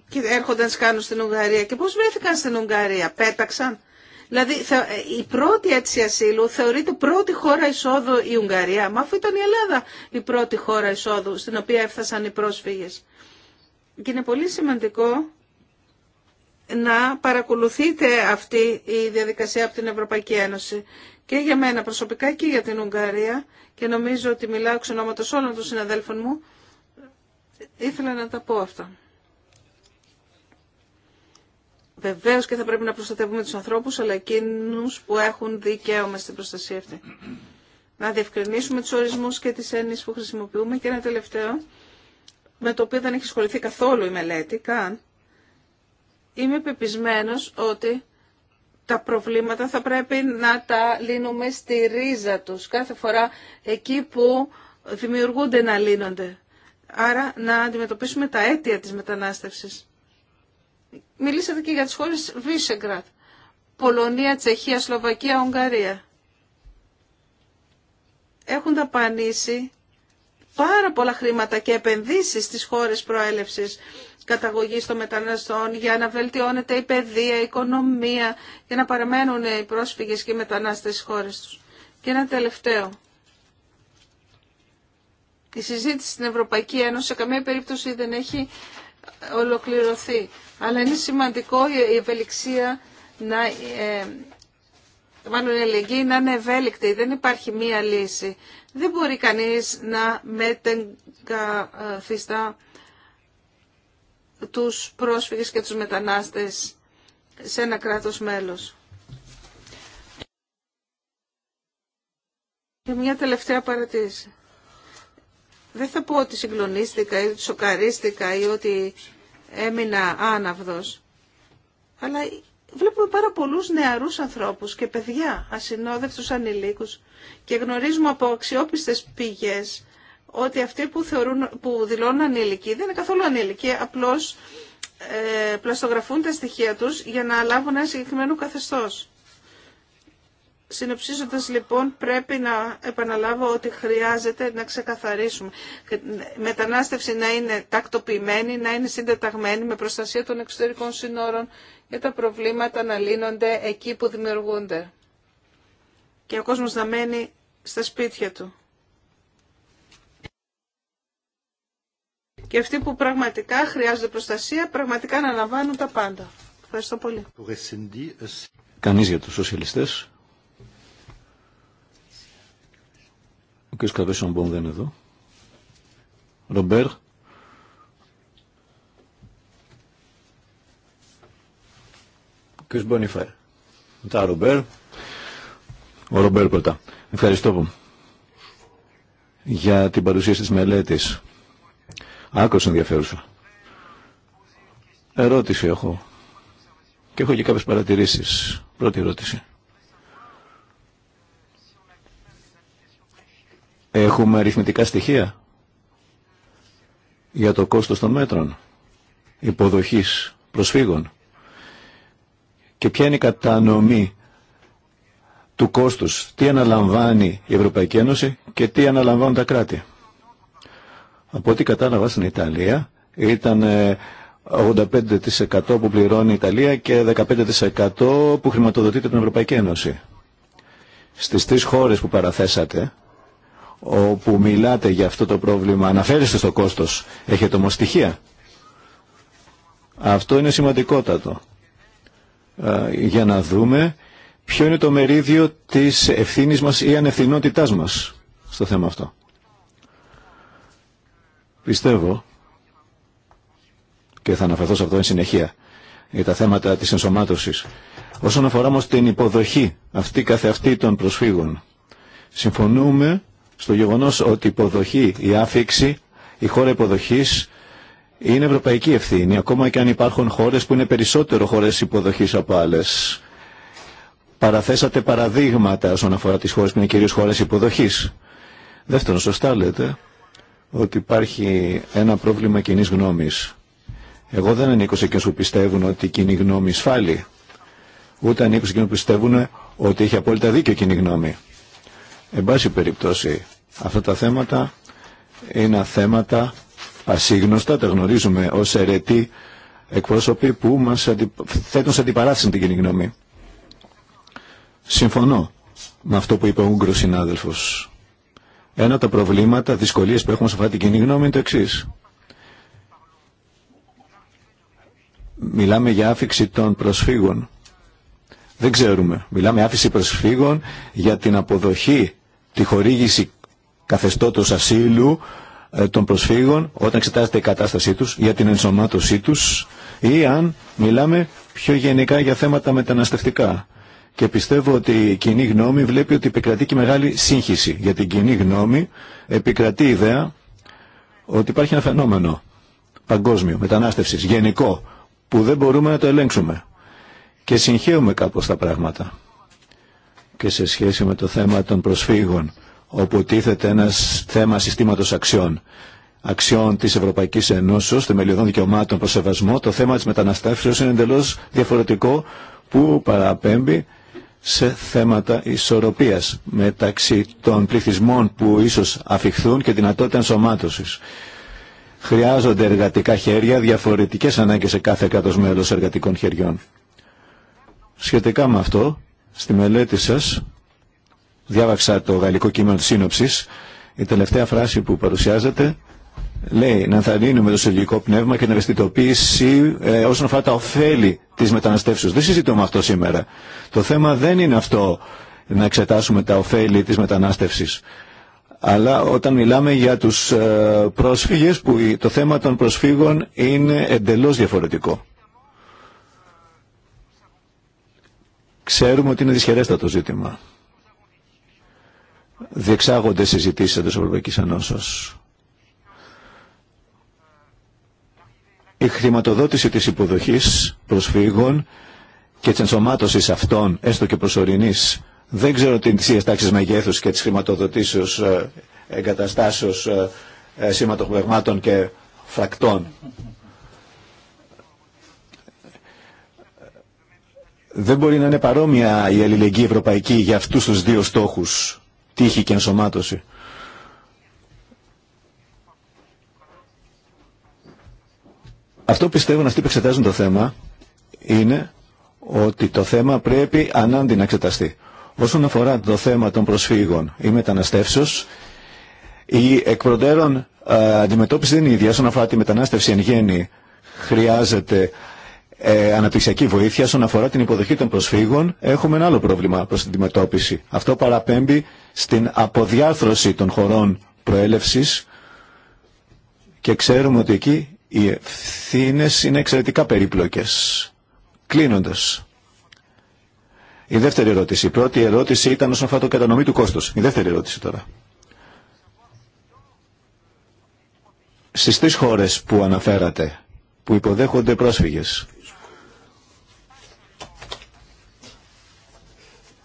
και έρχονταν να κάνουν στην Ουγγαρία. Και πώς βρέθηκαν στην Ουγγαρία, πέταξαν. Δηλαδή η πρώτη έτσι ασύλου θεωρείται πρώτη χώρα εισόδου η Ουγγαρία, μα αφού ήταν η Ελλάδα η πρώτη χώρα εισόδου στην οποία έφτασαν οι πρόσφυγες. Και είναι πολύ σημαντικό να παρακολουθείτε αυτή η διαδικασία από την Ευρωπαϊκή Ένωση και για μένα προσωπικά και για την Ουγγαρία και νομίζω ότι μιλάω ξενόματος όλων των συναδέλφων μου. Ήθελα να τα πω αυτά. Βεβαίω και θα πρέπει να προστατεύουμε τους ανθρώπους, αλλά εκείνου που έχουν δικαίωμα στην προστασία αυτή. Να διευκρινίσουμε τους ορισμού και τις έννοιες που χρησιμοποιούμε. Και ένα τελευταίο, με το οποίο δεν έχει ασχοληθεί καθόλου η μελέτη, καν. Είμαι πεπισμένο ότι τα προβλήματα θα πρέπει να τα λύνουμε στη ρίζα τους. Κάθε φορά εκεί που δημιουργούνται να λύνονται. Άρα να αντιμετωπίσουμε τα αίτια της μετανάστευσης. Μιλήσατε και για τις χώρες Βίσεγκρατ. Πολωνία, Τσεχία, Σλοβακία, Ουγγαρία. Έχουν ταπανίσει πάρα πολλά χρήματα και επενδύσεις στις χώρες προέλευσης καταγωγής των μεταναστών για να βελτιώνεται η παιδεία, η οικονομία, για να παραμένουν οι πρόσφυγες και οι μετανάστες στις χώρες τους. Και ένα τελευταίο. Η συζήτηση στην Ευρωπαϊκή Ένωση σε καμία περίπτωση δεν έχει ολοκληρωθεί. Αλλά είναι σημαντικό η ευελιξία να... Ε, μάλλον η να είναι ευέλικτη, δεν υπάρχει μία λύση. Δεν μπορεί κανείς να μετεγκαθιστά τους πρόσφυγες και τους μετανάστες σε ένα κράτος μέλος. Και μια τελευταία παρατήρηση. Δεν θα πω ότι συγκλονίστηκα ή ότι σοκαρίστηκα ή ότι έμεινα άναυδος. Αλλά βλέπουμε πάρα πολλούς νεαρούς ανθρώπους και παιδιά, ασυνόδευτους ανηλίκους και γνωρίζουμε από αξιόπιστες πηγές ότι αυτοί που, θεωρούν, που δηλώνουν ανηλικοί δεν είναι καθόλου ανηλικοί, απλώς ε, πλαστογραφούν τα στοιχεία τους για να λάβουν ένα συγκεκριμένο καθεστώς. Συνοψίζοντας λοιπόν πρέπει να επαναλάβω ότι χρειάζεται να ξεκαθαρίσουμε. μετανάστευση να είναι τακτοποιημένη, να είναι συντεταγμένη με προστασία των εξωτερικών συνόρων για τα προβλήματα να λύνονται εκεί που δημιουργούνται. Και ο κόσμος να μένει στα σπίτια του. Και αυτοί που πραγματικά χρειάζονται προστασία, πραγματικά να αναβάνουν τα πάντα. Ευχαριστώ πολύ. Ε, Κανείς για τους σοσιαλιστές. Ο κ. Καβέσομπον δεν είναι εδώ. Ρομπέρ. Ο κ. Μπονιφέρ. Μετά Ρομπέρ. Ο Ρομπέρ πρώτα. Ευχαριστώ που για την παρουσίαση της μελέτης. Άκουσα ενδιαφέρουσα. Ερώτηση έχω. Και έχω και κάποιες παρατηρήσεις. Πρώτη ερώτηση. Έχουμε αριθμητικά στοιχεία για το κόστος των μέτρων υποδοχής προσφύγων και ποια είναι η κατανομή του κόστους, τι αναλαμβάνει η Ευρωπαϊκή Ένωση και τι αναλαμβάνουν τα κράτη. Από ό,τι κατάλαβα στην Ιταλία ήταν 85% ε, που πληρώνει η Ιταλία και 15% που χρηματοδοτείται από την Ευρωπαϊκή Ένωση. Στις τρεις χώρες που παραθέσατε όπου μιλάτε για αυτό το πρόβλημα, αναφέρεστε στο κόστος, έχετε όμως στοιχεία. Αυτό είναι σημαντικότατο. Για να δούμε ποιο είναι το μερίδιο της ευθύνης μας ή ανευθυνότητάς μας στο θέμα αυτό. Πιστεύω και θα αναφερθώ σε αυτό εν συνεχεία για τα θέματα της ενσωμάτωσης. Όσον αφορά όμως την υποδοχή αυτή καθεαυτή των προσφύγων, συμφωνούμε στο γεγονός ότι η υποδοχή, η άφηξη, η χώρα υποδοχής είναι ευρωπαϊκή ευθύνη, ακόμα και αν υπάρχουν χώρες που είναι περισσότερο χώρες υποδοχής από άλλες. Παραθέσατε παραδείγματα όσον αφορά τις χώρες που είναι κυρίως χώρες υποδοχής. Δεύτερον, σωστά λέτε ότι υπάρχει ένα πρόβλημα κοινή γνώμη. Εγώ δεν ανήκω σε εκείνους που πιστεύουν ότι η κοινή γνώμη σφάλει. Ούτε ανήκω σε εκείνους που πιστεύουν ότι έχει απόλυτα δίκιο κοινή γνώμη. Εν πάση περιπτώσει, Αυτά τα θέματα είναι θέματα ασύγνωστα, τα γνωρίζουμε ως αιρετοί εκπρόσωποι που μας θέτουν σε αντιπαράθεση την κοινή γνώμη. Συμφωνώ με αυτό που είπε ο Ούγκρος συνάδελφος. Ένα από τα προβλήματα, δυσκολίες που έχουμε σε αυτή την κοινή γνώμη είναι το εξή. Μιλάμε για άφηξη των προσφύγων. Δεν ξέρουμε. Μιλάμε άφηση προσφύγων για την αποδοχή, τη χορήγηση καθεστώτος ασύλου ε, των προσφύγων όταν εξετάζεται η κατάστασή τους για την ενσωμάτωσή τους ή αν μιλάμε πιο γενικά για θέματα μεταναστευτικά. Και πιστεύω ότι η κοινή γνώμη βλέπει ότι επικρατεί και μεγάλη σύγχυση. Για την κοινή γνώμη επικρατεί η ιδέα ότι υπάρχει ένα φαινόμενο παγκόσμιο μετανάστευσης, γενικό, που δεν μπορούμε να το ελέγξουμε. Και συγχαίουμε κάπως τα πράγματα. Και σε σχέση με το θέμα των προσφύγων όπου τίθεται ένα θέμα συστήματο αξιών. Αξιών της Ευρωπαϊκής Ενώσεως, θεμελιωδών δικαιωμάτων προ σεβασμό. Το θέμα τη μεταναστεύσεως είναι εντελώ διαφορετικό που παραπέμπει σε θέματα ισορροπίας μεταξύ των πληθυσμών που ίσω αφιχθούν και δυνατότητα ενσωμάτωση. Χρειάζονται εργατικά χέρια, διαφορετικέ ανάγκες σε κάθε κράτος εργατικών χεριών. Σχετικά με αυτό, στη μελέτη σας διάβαξα το γαλλικό κείμενο της σύνοψης, η τελευταία φράση που παρουσιάζεται λέει να ενθαρρύνουμε το συλλογικό πνεύμα και να ευαισθητοποίηση ε, όσον αφορά τα ωφέλη της μεταναστεύσεως. Δεν συζητούμε αυτό σήμερα. Το θέμα δεν είναι αυτό να εξετάσουμε τα ωφέλη της μετανάστευσης. Αλλά όταν μιλάμε για τους ε, πρόσφυγες που το θέμα των προσφύγων είναι εντελώς διαφορετικό. Ξέρουμε ότι είναι δυσχερέστατο ζήτημα διεξάγονται συζητήσεις εντός Ευρωπαϊκής Ενώσεως. Η χρηματοδότηση της υποδοχής προσφύγων και της ενσωμάτωσης αυτών, έστω και προσωρινής, δεν ξέρω την της τάξη μεγέθους και της χρηματοδοτήσεως ε, εγκαταστάσεως ε, ε, σήματοχμευμάτων και φρακτών. Δεν μπορεί να είναι παρόμοια η αλληλεγγύη ευρωπαϊκή για αυτούς τους δύο στόχους τύχη και ενσωμάτωση. Αυτό πιστεύω αυτοί που εξετάζουν το θέμα είναι ότι το θέμα πρέπει ανάντι να εξεταστεί. Όσον αφορά το θέμα των προσφύγων ή μεταναστεύσεως, η εκ ε, αντιμετώπιση δεν είναι ίδια. Όσον αφορά τη μετανάστευση εν γέννη, χρειάζεται ε, αναπτυξιακή βοήθεια. Όσον αφορά την υποδοχή των προσφύγων, έχουμε ένα άλλο πρόβλημα προς την αντιμετώπιση. Αυτό παραπέμπει στην αποδιάρθρωση των χωρών προέλευσης και ξέρουμε ότι εκεί οι ευθύνε είναι εξαιρετικά περίπλοκες. Κλείνοντας. Η δεύτερη ερώτηση. Η πρώτη ερώτηση ήταν όσον αφορά το κατανομή του κόστους. Η δεύτερη ερώτηση τώρα. Στις τρεις χώρες που αναφέρατε, που υποδέχονται πρόσφυγες,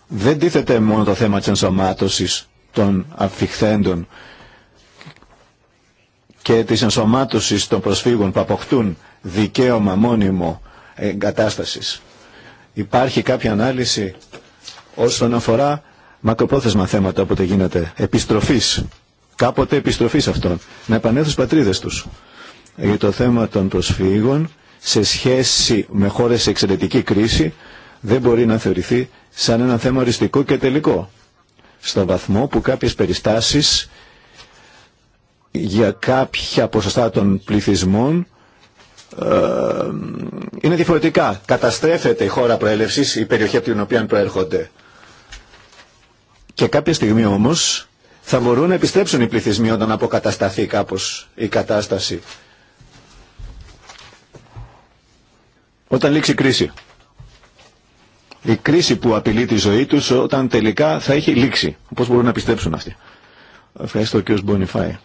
δεν τίθεται μόνο το θέμα της ενσωμάτωσης των αφιχθέντων και της ενσωμάτωσης των προσφύγων που αποκτούν δικαίωμα μόνιμο εγκατάστασης. Υπάρχει κάποια ανάλυση όσον αφορά μακροπρόθεσμα θέματα όποτε γίνεται, επιστροφής, κάποτε επιστροφής αυτών, να επανέλθουν στις πατρίδες τους. Για το θέμα των προσφύγων σε σχέση με χώρες σε εξαιρετική κρίση, δεν μπορεί να θεωρηθεί σαν ένα θέμα οριστικό και τελικό. Στον βαθμό που κάποιες περιστάσεις για κάποια ποσοστά των πληθυσμών ε, είναι διαφορετικά. Καταστρέφεται η χώρα προέλευσης, η περιοχή από την οποία προέρχονται. Και κάποια στιγμή όμως θα μπορούν να επιστρέψουν οι πληθυσμοί όταν αποκατασταθεί κάπως η κατάσταση. Όταν λήξει η κρίση η κρίση που απειλεί τη ζωή τους όταν τελικά θα έχει λήξει. Πώς μπορούν να πιστέψουν αυτοί. Ευχαριστώ κύριος Μπονιφάη.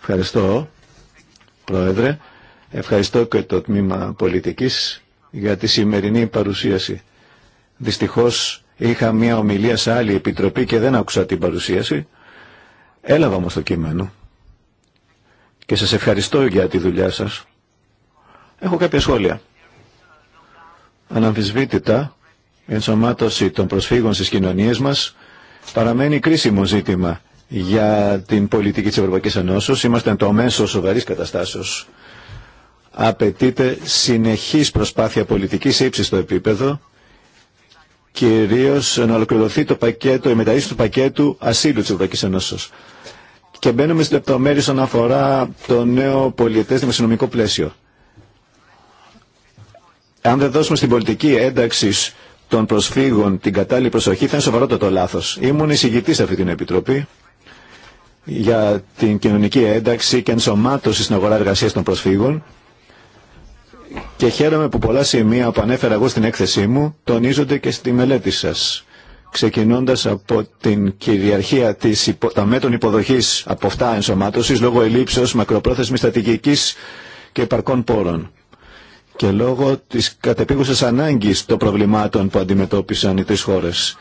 Ευχαριστώ, Πρόεδρε. Ευχαριστώ και το Τμήμα Πολιτικής για τη σημερινή παρουσίαση. Δυστυχώς είχα μια ομιλία σε άλλη επιτροπή και δεν άκουσα την παρουσίαση. Έλαβα όμως το κείμενο. Και σας ευχαριστώ για τη δουλειά σας. Έχω κάποια σχόλια. Αναμφισβήτητα, η ενσωμάτωση των προσφύγων στις κοινωνίες μας παραμένει κρίσιμο ζήτημα για την πολιτική της Ευρωπαϊκής Ενώσεως. Είμαστε το μέσο σοβαρής καταστάσεως. Απαιτείται συνεχής προσπάθεια πολιτικής ύψης στο επίπεδο, κυρίως να ολοκληρωθεί το πακέτο, η μεταρρύθμιση του πακέτου ασύλου της Ευρωπαϊκής Ενώσεως. Και μπαίνουμε στις λεπτομέρειες όσον αφορά το νέο πολιετές δημοσιονομικό πλαίσιο. Αν δεν δώσουμε στην πολιτική ένταξη των προσφύγων την κατάλληλη προσοχή, θα είναι το λάθο. Ήμουν εισηγητή σε αυτή την επιτροπή για την κοινωνική ένταξη και ενσωμάτωση στην αγορά εργασία των προσφύγων και χαίρομαι που πολλά σημεία που ανέφερα εγώ στην έκθεσή μου τονίζονται και στη μελέτη σα, ξεκινώντα από την κυριαρχία της υπο... τα μέτρων υποδοχής από αυτά ενσωμάτωση λόγω ελλείψεω μακροπρόθεσμη στατικικής και υπαρκών πόρων και λόγω της κατεπίγουσας ανάγκης των προβλημάτων που αντιμετώπισαν οι τρεις χώρες.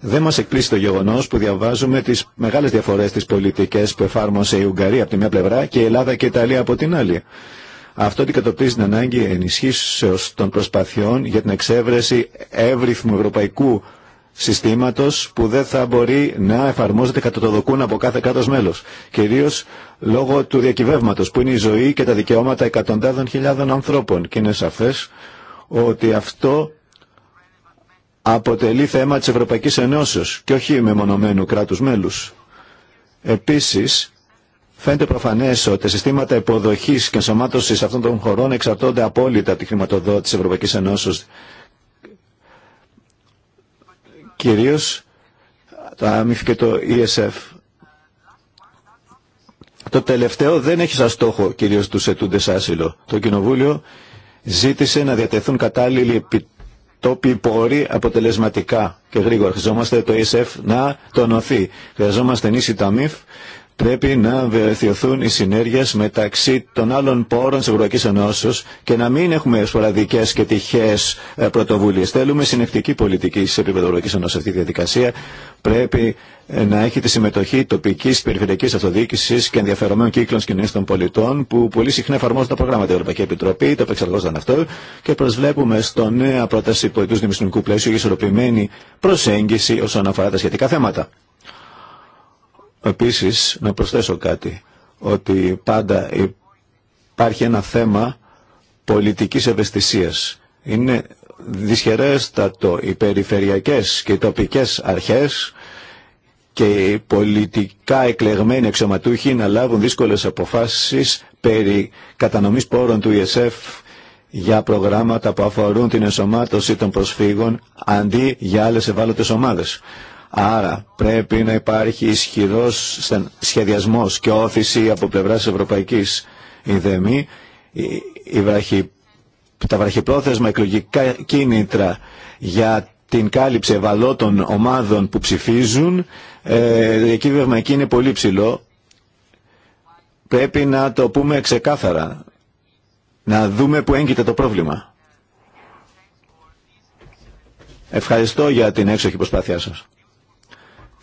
Δεν μας εκπλήσει το γεγονός που διαβάζουμε τις μεγάλες διαφορές της πολιτικές που εφάρμοσε η Ουγγαρία από τη μια πλευρά και η Ελλάδα και η Ιταλία από την άλλη. Αυτό αντικατοπτρίζει την ανάγκη ενισχύσεως των προσπαθειών για την εξέβρεση εύρυθμου ευρωπαϊκού συστήματος που δεν θα μπορεί να εφαρμόζεται κατά το δοκούν από κάθε κράτος μέλος. Κυρίως λόγω του διακυβεύματος που είναι η ζωή και τα δικαιώματα εκατοντάδων χιλιάδων ανθρώπων. Και είναι σαφές ότι αυτό αποτελεί θέμα της Ευρωπαϊκής Ενώσεως και όχι μεμονωμένου κράτους μέλους. Επίσης, Φαίνεται προφανέ ότι τα συστήματα υποδοχή και ενσωμάτωση αυτών των χωρών εξαρτώνται απόλυτα από τη χρηματοδότηση τη Ευρωπαϊκή Ενώσεω κυρίως το ΑΜΙΦ και το ESF. Το τελευταίο δεν έχει σαν στόχο κυρίως τους ετούντες άσυλο. Το Κοινοβούλιο ζήτησε να διατεθούν κατάλληλοι επιτόπιοι πόροι αποτελεσματικά και γρήγορα. Χρειαζόμαστε το ESF να τονωθεί. Χρειαζόμαστε το ταμίφ Πρέπει να βελτιωθούν οι συνέργειες μεταξύ των άλλων πόρων της Ευρωπαϊκής Ενώσεως και να μην έχουμε σποραδικές και τυχε πρωτοβουλίες. Θέλουμε συνεκτική πολιτική σε επίπεδο Ευρωπαϊκής Ενώσεως αυτή τη διαδικασία. Πρέπει ε, να έχει τη συμμετοχή τοπικής περιφερειακή αυτοδιοίκηση και ενδιαφερομένων κύκλων κοινωνία των πολιτών που πολύ συχνά εφαρμόζουν τα προγράμματα. Η Ευρωπαϊκή Επιτροπή το επεξεργόταν αυτό και προσβλέπουμε στο νέα πρόταση πολιτού δημοσιονομικού πλαίσιου για ισορροπημένη προσέγγιση όσον αφορά τα σχετικά θέματα. Επίσης, να προσθέσω κάτι, ότι πάντα υπάρχει ένα θέμα πολιτικής ευαισθησίας. Είναι δυσχερέστατο οι περιφερειακές και οι τοπικές αρχές και οι πολιτικά εκλεγμένοι εξωματούχοι να λάβουν δύσκολες αποφάσεις περί κατανομής πόρων του ΙΕΣΕΦ για προγράμματα που αφορούν την ενσωμάτωση των προσφύγων αντί για άλλες ευάλωτες ομάδες. Άρα πρέπει να υπάρχει ισχυρός σχεδιασμός και όθηση από πλευράς Ευρωπαϊκής ιδεμή, η, τα βραχυπρόθεσμα εκλογικά κίνητρα για την κάλυψη ευαλώτων ομάδων που ψηφίζουν, ε, διακύβευμα εκεί είναι πολύ ψηλό. Πρέπει να το πούμε ξεκάθαρα, να δούμε που έγκυται το πρόβλημα. Ευχαριστώ για την έξοχη προσπάθειά σας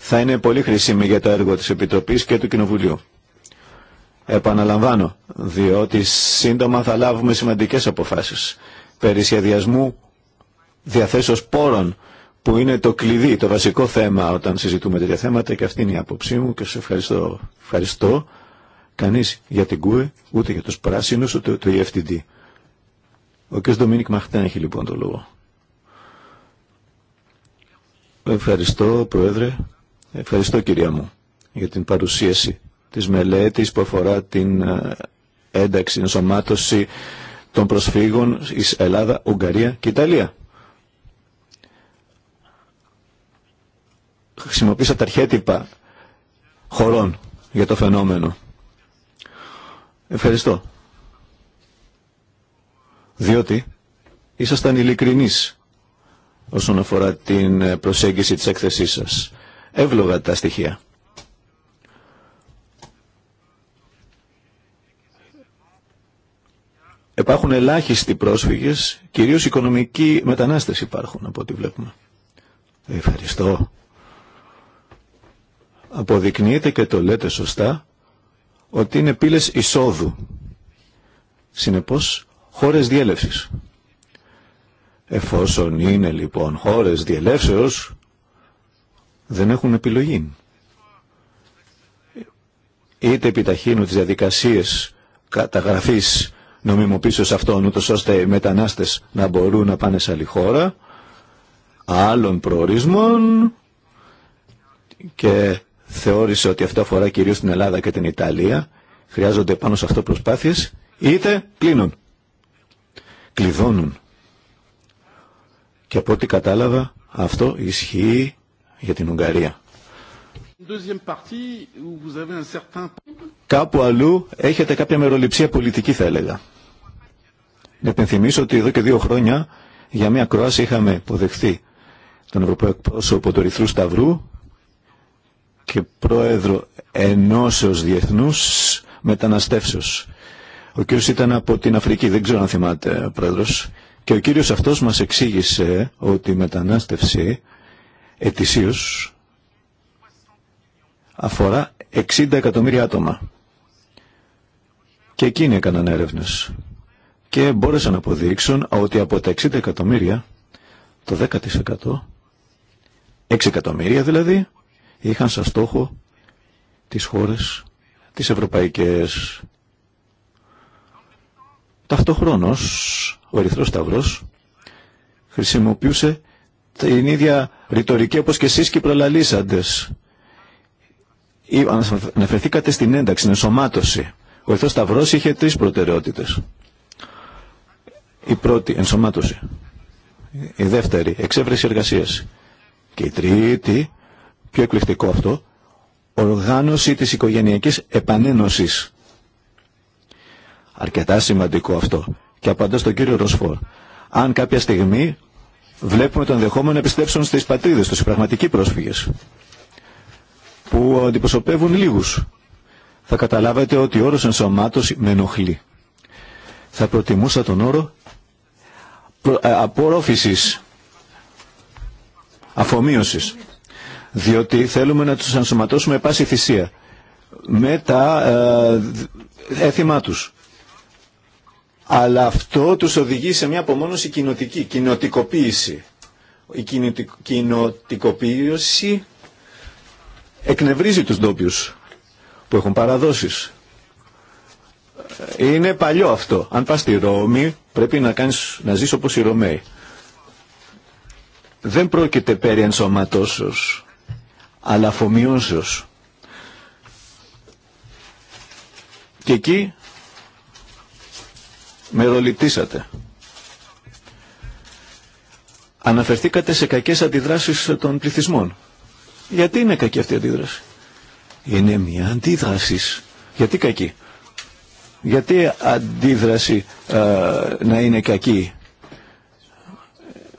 θα είναι πολύ χρήσιμη για το έργο της Επιτροπής και του Κοινοβουλίου. Επαναλαμβάνω, διότι σύντομα θα λάβουμε σημαντικές αποφάσεις περί σχεδιασμού διαθέσεως πόρων που είναι το κλειδί, το βασικό θέμα όταν συζητούμε τέτοια θέματα και αυτή είναι η άποψή μου και σας ευχαριστώ. Ευχαριστώ κανείς για την ΚΟΕ, ούτε για τους πράσινους, ούτε το EFTD. Ο κ. Ντομίνικ Μαχτέν έχει λοιπόν το λόγο. Ευχαριστώ, Πρόεδρε. Ευχαριστώ κυρία μου για την παρουσίαση της μελέτης που αφορά την ε, ένταξη, ενσωμάτωση των προσφύγων εις Ελλάδα, Ουγγαρία και Ιταλία. Χρησιμοποίησα τα αρχέτυπα χωρών για το φαινόμενο. Ευχαριστώ. Διότι ήσασταν ειλικρινείς όσον αφορά την ε, προσέγγιση της έκθεσής σας εύλογα τα στοιχεία. Υπάρχουν ελάχιστοι πρόσφυγες, κυρίως οικονομικοί μετανάστες υπάρχουν από ό,τι βλέπουμε. Ευχαριστώ. Αποδεικνύεται και το λέτε σωστά ότι είναι πύλες εισόδου. Συνεπώς χώρες διέλευσης. Εφόσον είναι λοιπόν χώρες διελεύσεως, δεν έχουν επιλογή. Είτε επιταχύνουν τις διαδικασίες καταγραφής νομιμοποίησης αυτών, ούτως ώστε οι μετανάστες να μπορούν να πάνε σε άλλη χώρα, άλλων προορισμών και θεώρησε ότι αυτό αφορά κυρίως την Ελλάδα και την Ιταλία, χρειάζονται πάνω σε αυτό προσπάθειες, είτε κλείνουν, κλειδώνουν. Και από ό,τι κατάλαβα αυτό ισχύει για την Ουγγαρία. Κάπου αλλού έχετε κάποια μεροληψία πολιτική θα έλεγα. Να επενθυμίσω ότι εδώ και δύο χρόνια για μια κρόαση είχαμε υποδεχθεί τον Ευρωπαϊκό πρόσωπο του Ερυθρού Σταυρού και πρόεδρο ενώσεως διεθνούς μεταναστεύσεως. Ο κύριος ήταν από την Αφρική, δεν ξέρω αν θυμάται πρόεδρος. Και ο κύριος αυτός μας εξήγησε ότι η μετανάστευση ετησίως αφορά 60 εκατομμύρια άτομα. Και εκείνοι έκαναν έρευνες. Και μπόρεσαν να αποδείξουν ότι από τα 60 εκατομμύρια, το 10%, 6 εκατομμύρια δηλαδή, είχαν σαν στόχο τις χώρες, τις ευρωπαϊκές. Ταυτόχρονος, ο Ερυθρός Σταυρός χρησιμοποιούσε την ίδια ρητορική όπως και εσείς και οι προλαλήσαντες. Αναφερθήκατε στην ένταξη, στην ενσωμάτωση. Ο Ιθός Σταυρός είχε τρεις προτεραιότητες. Η πρώτη, ενσωμάτωση. Η δεύτερη, εξέβρεση εργασίας. Και η τρίτη, πιο εκπληκτικό αυτό, οργάνωση της οικογενειακής επανένωσης. Αρκετά σημαντικό αυτό. Και απαντώ στον κύριο Ροσφόρ. Αν κάποια στιγμή Βλέπουμε το ενδεχόμενο να επιστρέψουν στις πατρίδες τους, οι πραγματικοί πρόσφυγες, που αντιπροσωπεύουν λίγους. Θα καταλάβετε ότι ο όρος ενσωμάτωση με ενοχλεί. Θα προτιμούσα τον όρο ε, απορρόφησης, αφομοίωσης, διότι θέλουμε να τους ενσωματώσουμε πάση θυσία με τα ε, έθιμά τους. Αλλά αυτό τους οδηγεί σε μια απομόνωση κοινοτική, κοινοτικοποίηση. Η κοινοτικοποίηση εκνευρίζει τους ντόπιου που έχουν παραδόσεις. Είναι παλιό αυτό. Αν πας στη Ρώμη πρέπει να, κάνεις, να ζεις όπως οι Ρωμαίοι. Δεν πρόκειται περί ενσωματώσεως, αλλά αφομοιώσεως. Και εκεί μεροληπτήσατε. Αναφερθήκατε σε κακές αντιδράσεις των πληθυσμών. Γιατί είναι κακή αυτή η αντίδραση. Είναι μια αντίδραση. Γιατί κακή. Γιατί αντίδραση ε, να είναι κακή.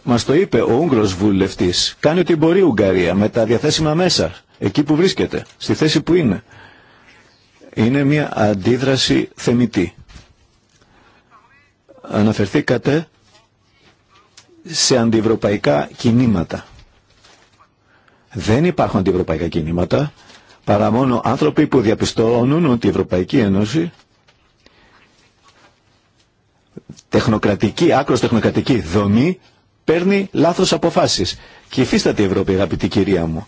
Μας το είπε ο Ούγγρος βουλευτής. Κάνει ό,τι μπορεί η Ουγγαρία με τα διαθέσιμα μέσα. Εκεί που βρίσκεται. Στη θέση που είναι. Είναι μια αντίδραση θεμητή. Αναφερθήκατε σε αντιευρωπαϊκά κινήματα. Δεν υπάρχουν αντιευρωπαϊκά κινήματα παρά μόνο άνθρωποι που διαπιστώνουν ότι η Ευρωπαϊκή Ένωση τεχνοκρατική, άκρος τεχνοκρατική δομή παίρνει λάθος αποφάσεις. Και υφίσταται η Ευρώπη, αγαπητή κυρία μου.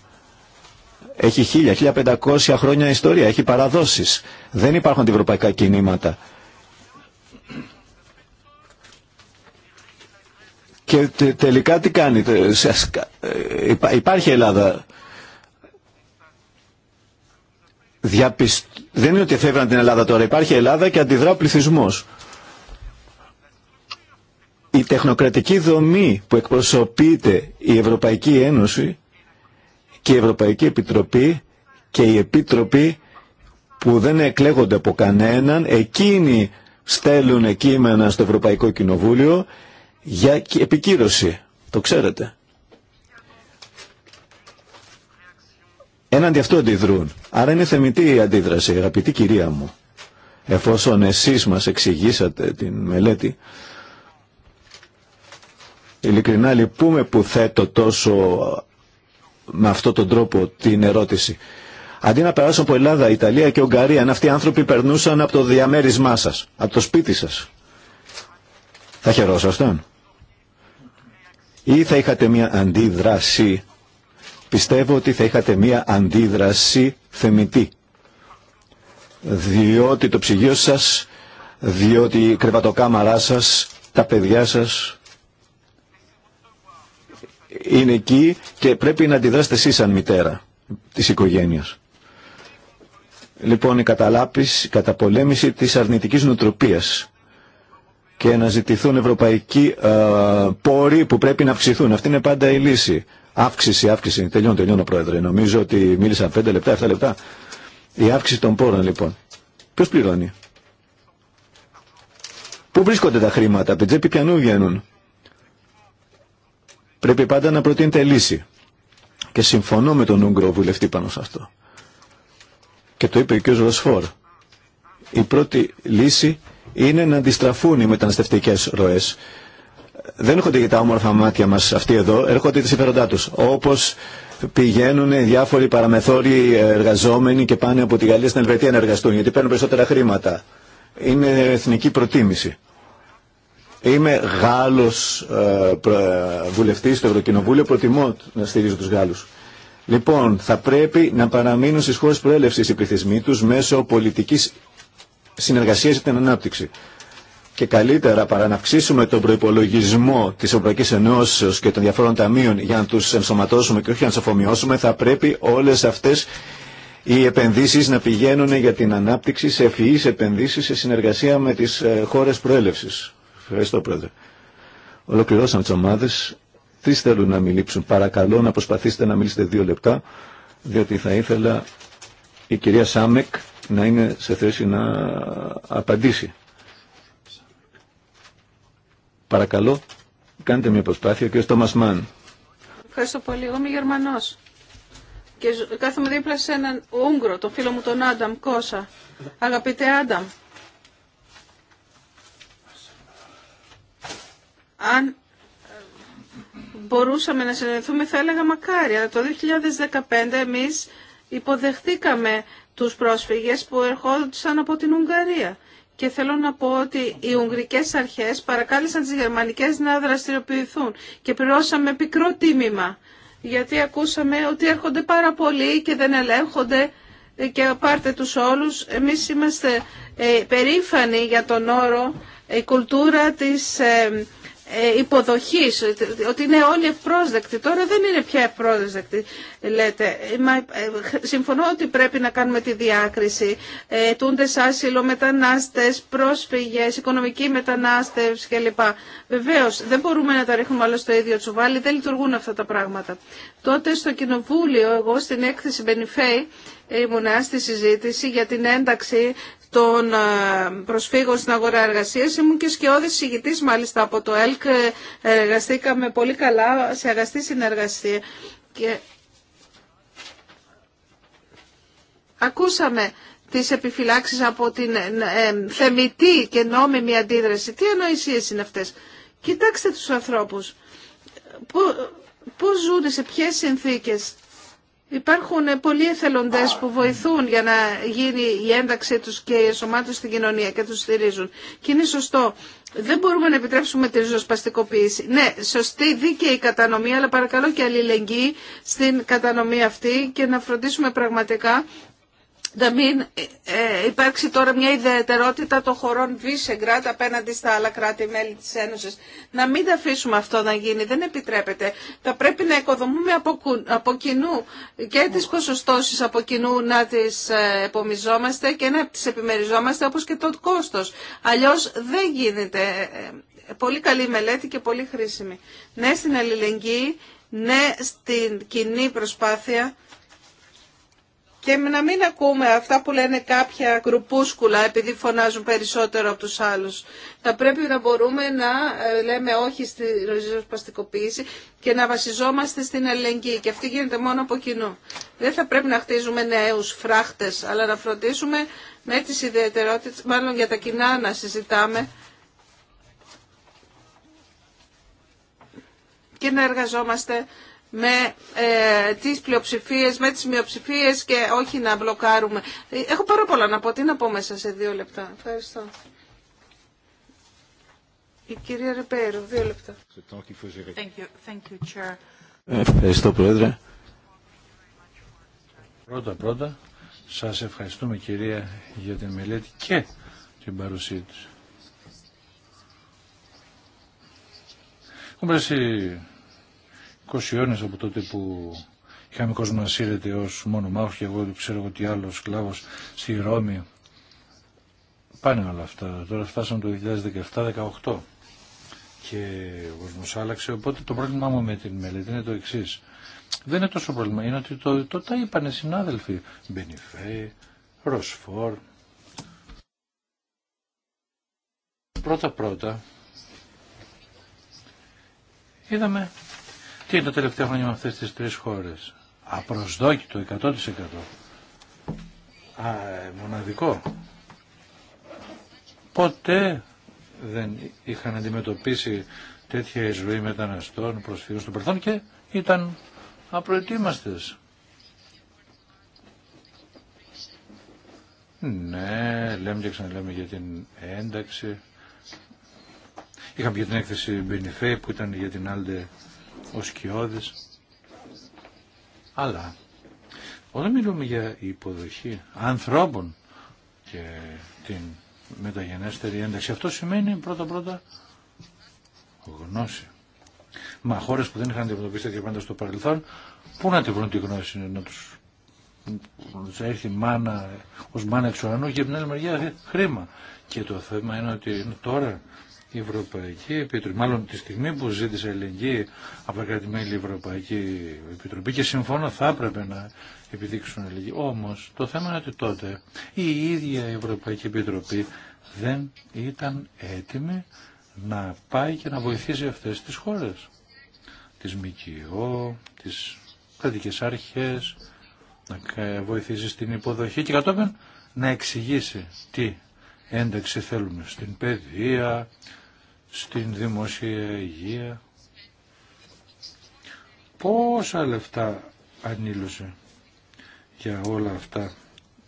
εχει χιλιά 1000-1500 χρόνια ιστορία, έχει παραδόσεις. Δεν υπάρχουν αντιευρωπαϊκά κινήματα Και τελικά τι κάνει. Ε, υπάρχει Ελλάδα. Δεν είναι ότι εφεύραν την Ελλάδα τώρα. Υπάρχει Ελλάδα και αντιδρά ο πληθυσμό. Η τεχνοκρατική δομή που εκπροσωπείται η Ευρωπαϊκή Ένωση και η Ευρωπαϊκή Επιτροπή και η επιτροπή που δεν εκλέγονται από κανέναν, εκείνοι στέλνουν κείμενα στο Ευρωπαϊκό Κοινοβούλιο για επικύρωση. Το ξέρετε. Έναντι αυτού αντιδρούν. Άρα είναι θεμητή η αντίδραση, αγαπητή κυρία μου. Εφόσον εσείς μας εξηγήσατε την μελέτη, ειλικρινά λυπούμε που θέτω τόσο με αυτόν τον τρόπο την ερώτηση. Αντί να περάσω από Ελλάδα, Ιταλία και Ουγγαρία, αν αυτοί οι άνθρωποι περνούσαν από το διαμέρισμά σας, από το σπίτι σας, θα χαιρόσασταν ή θα είχατε μια αντίδραση. Πιστεύω ότι θα είχατε μια αντίδραση θεμητή. Διότι το ψυγείο σας, διότι η κρεβατοκάμαρά σας, τα παιδιά σας είναι εκεί και πρέπει να αντιδράσετε εσείς σαν μητέρα της οικογένειας. Λοιπόν, η καταλάπηση, η καταπολέμηση της αρνητικής νοοτροπίας και να ζητηθούν ευρωπαϊκοί ε, πόροι που πρέπει να αυξηθούν. Αυτή είναι πάντα η λύση. Αύξηση, αύξηση. Τελειώνω, τελειώνω, Πρόεδρε. Νομίζω ότι μίλησαν 5 λεπτά, 7 λεπτά. Η αύξηση των πόρων, λοιπόν. Ποιο πληρώνει. Πού βρίσκονται τα χρήματα, από την τσέπη πιανού βγαίνουν. Πρέπει πάντα να προτείνεται λύση. Και συμφωνώ με τον Ούγγρο βουλευτή πάνω σε αυτό. Και το είπε και ο Ροσφόρ. Η πρώτη λύση είναι να αντιστραφούν οι μεταναστευτικές ροές. Δεν έρχονται για τα όμορφα μάτια μας αυτοί εδώ, έρχονται τις συμφέροντά τους. Όπως πηγαίνουν διάφοροι παραμεθόροι εργαζόμενοι και πάνε από τη Γαλλία στην Ελβετία να εργαστούν, γιατί παίρνουν περισσότερα χρήματα. Είναι εθνική προτίμηση. Είμαι Γάλλος ε, ε, βουλευτής στο Ευρωκοινοβούλιο, προτιμώ να στηρίζω τους Γάλλους. Λοιπόν, θα πρέπει να παραμείνουν στις χώρες προέλευσης οι πληθυσμοί του μέσω πολιτικής συνεργασία για την ανάπτυξη. Και καλύτερα παρά να αυξήσουμε τον προπολογισμό τη Ευρωπαϊκή Ενώσεω και των διαφόρων ταμείων για να του ενσωματώσουμε και όχι να του αφομοιώσουμε, θα πρέπει όλε αυτέ οι επενδύσει να πηγαίνουν για την ανάπτυξη σε ευφυεί επενδύσει σε συνεργασία με τι ε, χώρε προέλευση. Ευχαριστώ, Πρόεδρε. Ολοκληρώσαμε τι ομάδε. Τι θέλουν να μιλήσουν. Παρακαλώ να προσπαθήσετε να μιλήσετε δύο λεπτά, διότι θα ήθελα η κυρία Σάμεκ να είναι σε θέση να απαντήσει. Παρακαλώ, κάντε μια προσπάθεια και ο Τόμας Μάν. Ευχαριστώ πολύ. Εγώ είμαι Γερμανός. Και κάθομαι δίπλα σε έναν Ούγγρο, τον φίλο μου τον Άνταμ Κόσα. Αγαπητέ Άνταμ. Αν μπορούσαμε να συνεννοηθούμε θα έλεγα μακάρι, αλλά το 2015 εμείς υποδεχτήκαμε τους πρόσφυγες που ερχόντουσαν από την Ουγγαρία. Και θέλω να πω ότι οι Ουγγρικές αρχές παρακάλεσαν τις Γερμανικές να δραστηριοποιηθούν και πληρώσαμε πικρό τίμημα γιατί ακούσαμε ότι έρχονται πάρα πολλοί και δεν ελέγχονται και πάρτε τους όλους. Εμείς είμαστε ε, περήφανοι για τον όρο ε, η κουλτούρα της ε, ε, υποδοχής, ότι είναι όλοι ευπρόσδεκτοι. Τώρα δεν είναι πια ευπρόσδεκτοι, λέτε. Ε, συμφωνώ ότι πρέπει να κάνουμε τη διάκριση. Ε, τούντες άσυλο, μετανάστες, πρόσφυγες, οικονομική μετανάστευση κλπ. Βεβαίως, δεν μπορούμε να τα ρίχνουμε όλα στο ίδιο τσουβάλι, δεν λειτουργούν αυτά τα πράγματα. Τότε στο Κοινοβούλιο, εγώ στην έκθεση Μπενιφέη, ήμουν στη συζήτηση για την ένταξη των ε, προσφύγων στην αγορά εργασία. Ήμουν και σκιώδη συγητής μάλιστα από το ΕΛΚ. Εργαστήκαμε πολύ καλά σε αγαστή συνεργασία. Και... Ακούσαμε τις επιφυλάξεις από την ε, ε, θεμητή και νόμιμη αντίδραση. Τι ανοησίες είναι αυτέ, Κοιτάξτε τους ανθρώπους. Πώς ζουν, σε ποιες συνθήκες. Υπάρχουν πολλοί εθελοντέ που βοηθούν για να γίνει η ένταξή τους και η ενσωμάτωση στην κοινωνία και τους στηρίζουν. Και είναι σωστό. Δεν μπορούμε να επιτρέψουμε τη ριζοσπαστικοποίηση. Ναι, σωστή, δίκαιη κατανομή, αλλά παρακαλώ και αλληλεγγύη στην κατανομή αυτή και να φροντίσουμε πραγματικά να μην ε, υπάρξει τώρα μια ιδιαιτερότητα των χωρών Βίσεγκρατ απέναντι στα άλλα κράτη-μέλη της Ένωσης. Να μην αφήσουμε αυτό να γίνει, δεν επιτρέπεται. Θα πρέπει να οικοδομούμε από κοινού και τις ποσοστώσεις από κοινού να τις ε, επομιζόμαστε και να τις επιμεριζόμαστε όπως και το κόστος. Αλλιώς δεν γίνεται. Ε, πολύ καλή μελέτη και πολύ χρήσιμη. Ναι στην αλληλεγγύη, ναι στην κοινή προσπάθεια και να μην ακούμε αυτά που λένε κάποια κρουπούσκουλα επειδή φωνάζουν περισσότερο από τους άλλους. Θα πρέπει να μπορούμε να ε, λέμε όχι στη ροζοσπαστικοποίηση και να βασιζόμαστε στην ελεγγύη. και αυτή γίνεται μόνο από κοινού. Δεν θα πρέπει να χτίζουμε νέους φράχτες αλλά να φροντίσουμε με τις ιδιαιτερότητες, μάλλον για τα κοινά να συζητάμε και να εργαζόμαστε με ε, τις πλειοψηφίες, με τις μειοψηφίες και όχι να μπλοκάρουμε. Έχω πάρα πολλά να πω. Τι να πω μέσα σε δύο λεπτά. Ευχαριστώ. Η κυρία Ρεπέρο, δύο λεπτά. Ευχαριστώ, Πρόεδρε. Πρώτα πρώτα, σας ευχαριστούμε κυρία για την μελέτη και την παρουσία της. 20 αιώνες από τότε που είχαμε κόσμο να σύρεται ως μόνο μάχος και εγώ ξέρω ότι τι άλλο σκλάβο στη Ρώμη. Πάνε όλα αυτά. Τώρα φτάσαμε το 2017-18 και ο κόσμος άλλαξε. Οπότε το πρόβλημά μου με την μελέτη είναι το εξή. Δεν είναι τόσο πρόβλημα. Είναι ότι το, το τα είπανε συνάδελφοι. Μπενιφέ, Ροσφόρ. Πρώτα-πρώτα είδαμε τι είναι τα τελευταία χρόνια με αυτέ τι τρεις χώρες. Απροσδόκητο 100%. Α, ε, μοναδικό. Ποτέ δεν είχαν αντιμετωπίσει τέτοια εισβολή μεταναστών, προσφύγων των Περθών και ήταν απροετοίμαστες. Ναι, λέμε και ξαναλέμε για την ένταξη. Είχαμε και την έκθεση Μπενιφέ που ήταν για την Άλντε ο σκιώδης. Αλλά όταν μιλούμε για υποδοχή ανθρώπων και την μεταγενέστερη ένταξη, αυτό σημαίνει πρώτα-πρώτα γνώση. Μα χώρες που δεν είχαν αντιμετωπίσει τέτοια πάντα στο παρελθόν, πού να τη βρουν τη γνώση, να τους έρθει μάνα ως μάνα εξ και από μεριά χρήμα. Και το θέμα είναι ότι τώρα η Ευρωπαϊκή Επιτροπή, μάλλον τη στιγμή που ζήτησε ελληνική από τα Ευρωπαϊκή Επιτροπή και συμφώνω θα έπρεπε να επιδείξουν ελληνική. Όμως το θέμα είναι ότι τότε η ίδια η Ευρωπαϊκή Επιτροπή δεν ήταν έτοιμη να πάει και να βοηθήσει αυτές τις χώρες. Τις ΜΚΟ, τις κρατικές αρχές, να βοηθήσει στην υποδοχή και κατόπιν να εξηγήσει τι ένταξη θέλουμε στην παιδεία, στην δημόσια υγεία. Πόσα λεφτά ανήλωσε για όλα αυτά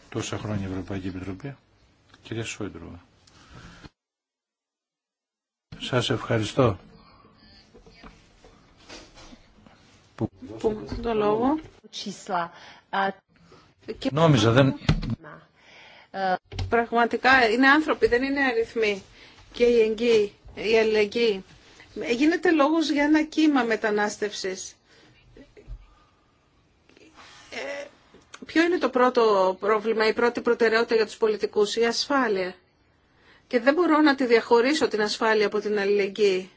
τόσα χρόνια η Ευρωπαϊκή Επιτροπή. Κυρία Σόιντροβα. Σας ευχαριστώ. Που... Που το λόγο. Νόμιζα δεν... Ε, πραγματικά είναι άνθρωποι, δεν είναι αριθμοί και οι εγγύοι η αλληλεγγύη. Γίνεται λόγος για ένα κύμα μετανάστευσης. Ε, ποιο είναι το πρώτο πρόβλημα, η πρώτη προτεραιότητα για τους πολιτικούς, η ασφάλεια. Και δεν μπορώ να τη διαχωρίσω την ασφάλεια από την αλληλεγγύη.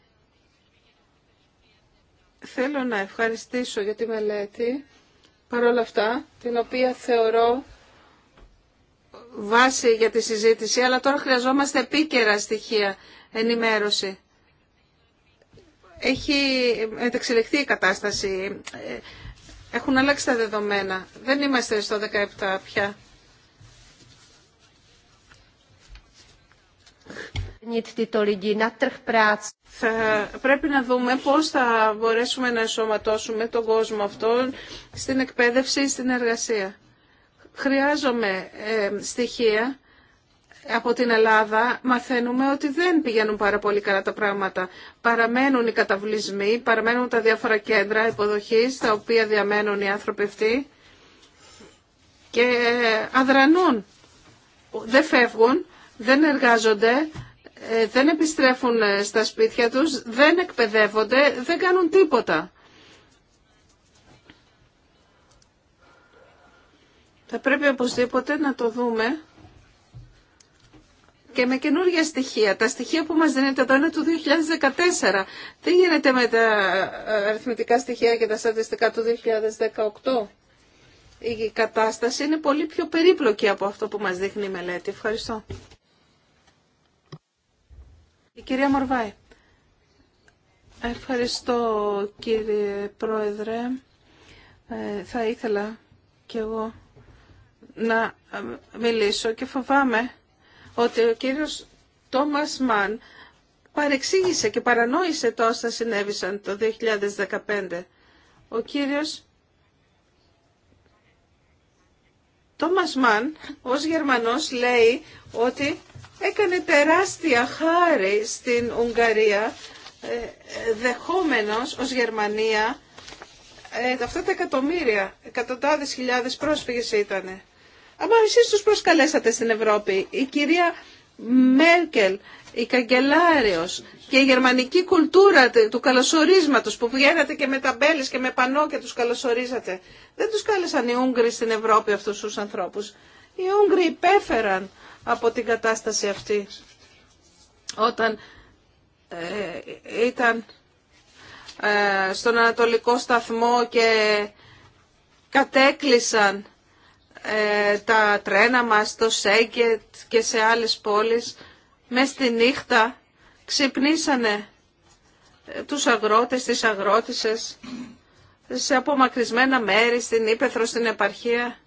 Θέλω να ευχαριστήσω για τη μελέτη, παρόλα αυτά, την οποία θεωρώ βάση για τη συζήτηση, αλλά τώρα χρειαζόμαστε επίκαιρα στοιχεία ενημέρωση. Έχει μεταξελιχθεί η κατάσταση. Έχουν αλλάξει τα δεδομένα. Δεν είμαστε στο 17 πια. Θα πρέπει να δούμε πώς θα μπορέσουμε να ενσωματώσουμε τον κόσμο αυτόν στην εκπαίδευση, στην εργασία. Χρειάζομαι ε, στοιχεία από την Ελλάδα μαθαίνουμε ότι δεν πηγαίνουν πάρα πολύ καλά τα πράγματα. Παραμένουν οι καταβλισμοί, παραμένουν τα διάφορα κέντρα υποδοχής τα οποία διαμένουν οι άνθρωποι αυτοί και ε, αδρανούν. Δεν φεύγουν, δεν εργάζονται, ε, δεν επιστρέφουν ε, στα σπίτια τους, δεν εκπαιδεύονται, δεν κάνουν τίποτα. Θα πρέπει οπωσδήποτε να το δούμε και με καινούργια στοιχεία. Τα στοιχεία που μας δίνεται εδώ είναι του 2014. Τι γίνεται με τα ε, αριθμητικά στοιχεία και τα στατιστικά του 2018. Η κατάσταση είναι πολύ πιο περίπλοκη από αυτό που μας δείχνει η μελέτη. Ευχαριστώ. Η κυρία Μορβάη. Ευχαριστώ κύριε Πρόεδρε. Ε, θα ήθελα κι εγώ να ε, μιλήσω και φοβάμαι ότι ο κύριος Τόμας Μαν παρεξήγησε και παρανόησε τόσα συνέβησαν το 2015. Ο κύριος Τόμας Μαν ως Γερμανός λέει ότι έκανε τεράστια χάρη στην Ουγγαρία ε, δεχόμενος ως Γερμανία ε, αυτά τα εκατομμύρια, εκατοντάδες χιλιάδες πρόσφυγες ήτανε. Αλλά εσείς τους προσκαλέσατε στην Ευρώπη. Η κυρία Μέρκελ, η καγκελάριος και η γερμανική κουλτούρα του καλωσορίσματος που βγαίνατε και με ταμπέλες και με πανό και τους καλωσορίζατε. Δεν τους κάλεσαν οι Ούγγροι στην Ευρώπη αυτούς τους ανθρώπους. Οι Ούγγροι υπέφεραν από την κατάσταση αυτή όταν ε, ήταν ε, στον Ανατολικό Σταθμό και κατέκλυσαν ε, τα τρένα μας στο Σέγκετ και σε άλλες πόλεις με στη νύχτα ξυπνήσανε ε, τους αγρότες, τις αγρότησες σε απομακρυσμένα μέρη, στην Ήπεθρο, στην επαρχία.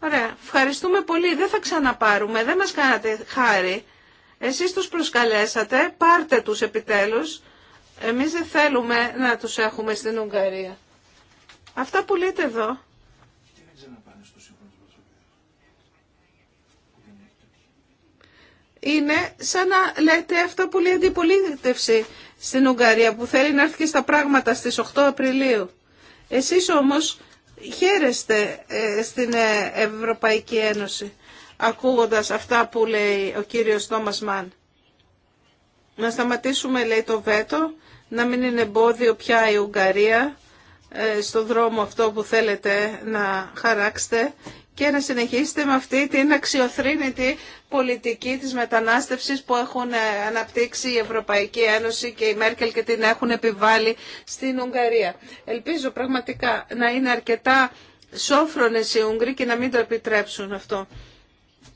Ωραία, ευχαριστούμε πολύ. Δεν θα ξαναπάρουμε, δεν μας κάνατε χάρη. Εσείς τους προσκαλέσατε, πάρτε τους επιτέλους. Εμείς δεν θέλουμε να τους έχουμε στην Ουγγαρία. Αυτά που λέτε εδώ είναι σαν να λέτε αυτά που λέει αντιπολίτευση στην Ουγγαρία που θέλει να έρθει στα πράγματα στις 8 Απριλίου. Εσείς όμως χαίρεστε ε, στην ε, Ευρωπαϊκή Ένωση ακούγοντας αυτά που λέει ο κύριος Τόμας Μαν. Να σταματήσουμε λέει το βέτο, να μην είναι εμπόδιο πια η Ουγγαρία ε, στον δρόμο αυτό που θέλετε να χαράξετε και να συνεχίσετε με αυτή την αξιοθρύνητη πολιτική της μετανάστευσης που έχουν ε, αναπτύξει η Ευρωπαϊκή Ένωση και η Μέρκελ και την έχουν επιβάλει στην Ουγγαρία. Ελπίζω πραγματικά να είναι αρκετά σόφρονες οι Ούγγροι και να μην το επιτρέψουν αυτό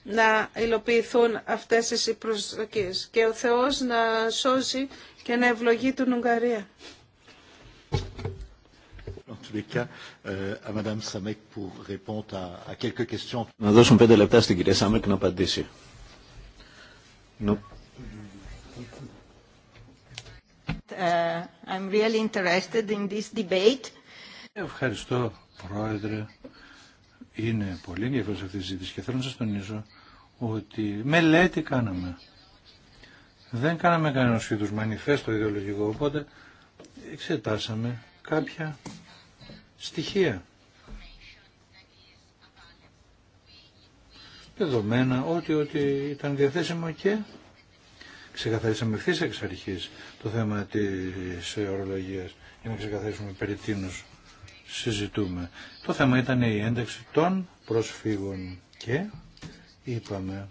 να υλοποιηθούν αυτές οι προσδοκίες και ο Θεός να σώσει και να ευλογεί την Ουγγαρία. Να δώσουμε πέντε λεπτά στην κυρία Σάμεκ να απαντήσει. Ε, I'm really interested in this debate. Ευχαριστώ, Πρόεδρε. Είναι πολύ ενδιαφέρουσα αυτή η συζήτηση και θέλω να σας τονίσω ότι μελέτη κάναμε. Δεν κάναμε κανένα είδου μανιφέστο ιδεολογικό, οπότε εξετάσαμε κάποια στοιχεία. Δεδομένα ότι, ότι ήταν διαθέσιμο και ξεκαθαρίσαμε ευθύ εξ αρχή το θέμα τη ορολογία για να ξεκαθαρίσουμε περί τίνους συζητούμε. Το θέμα ήταν η ένταξη των προσφύγων και είπαμε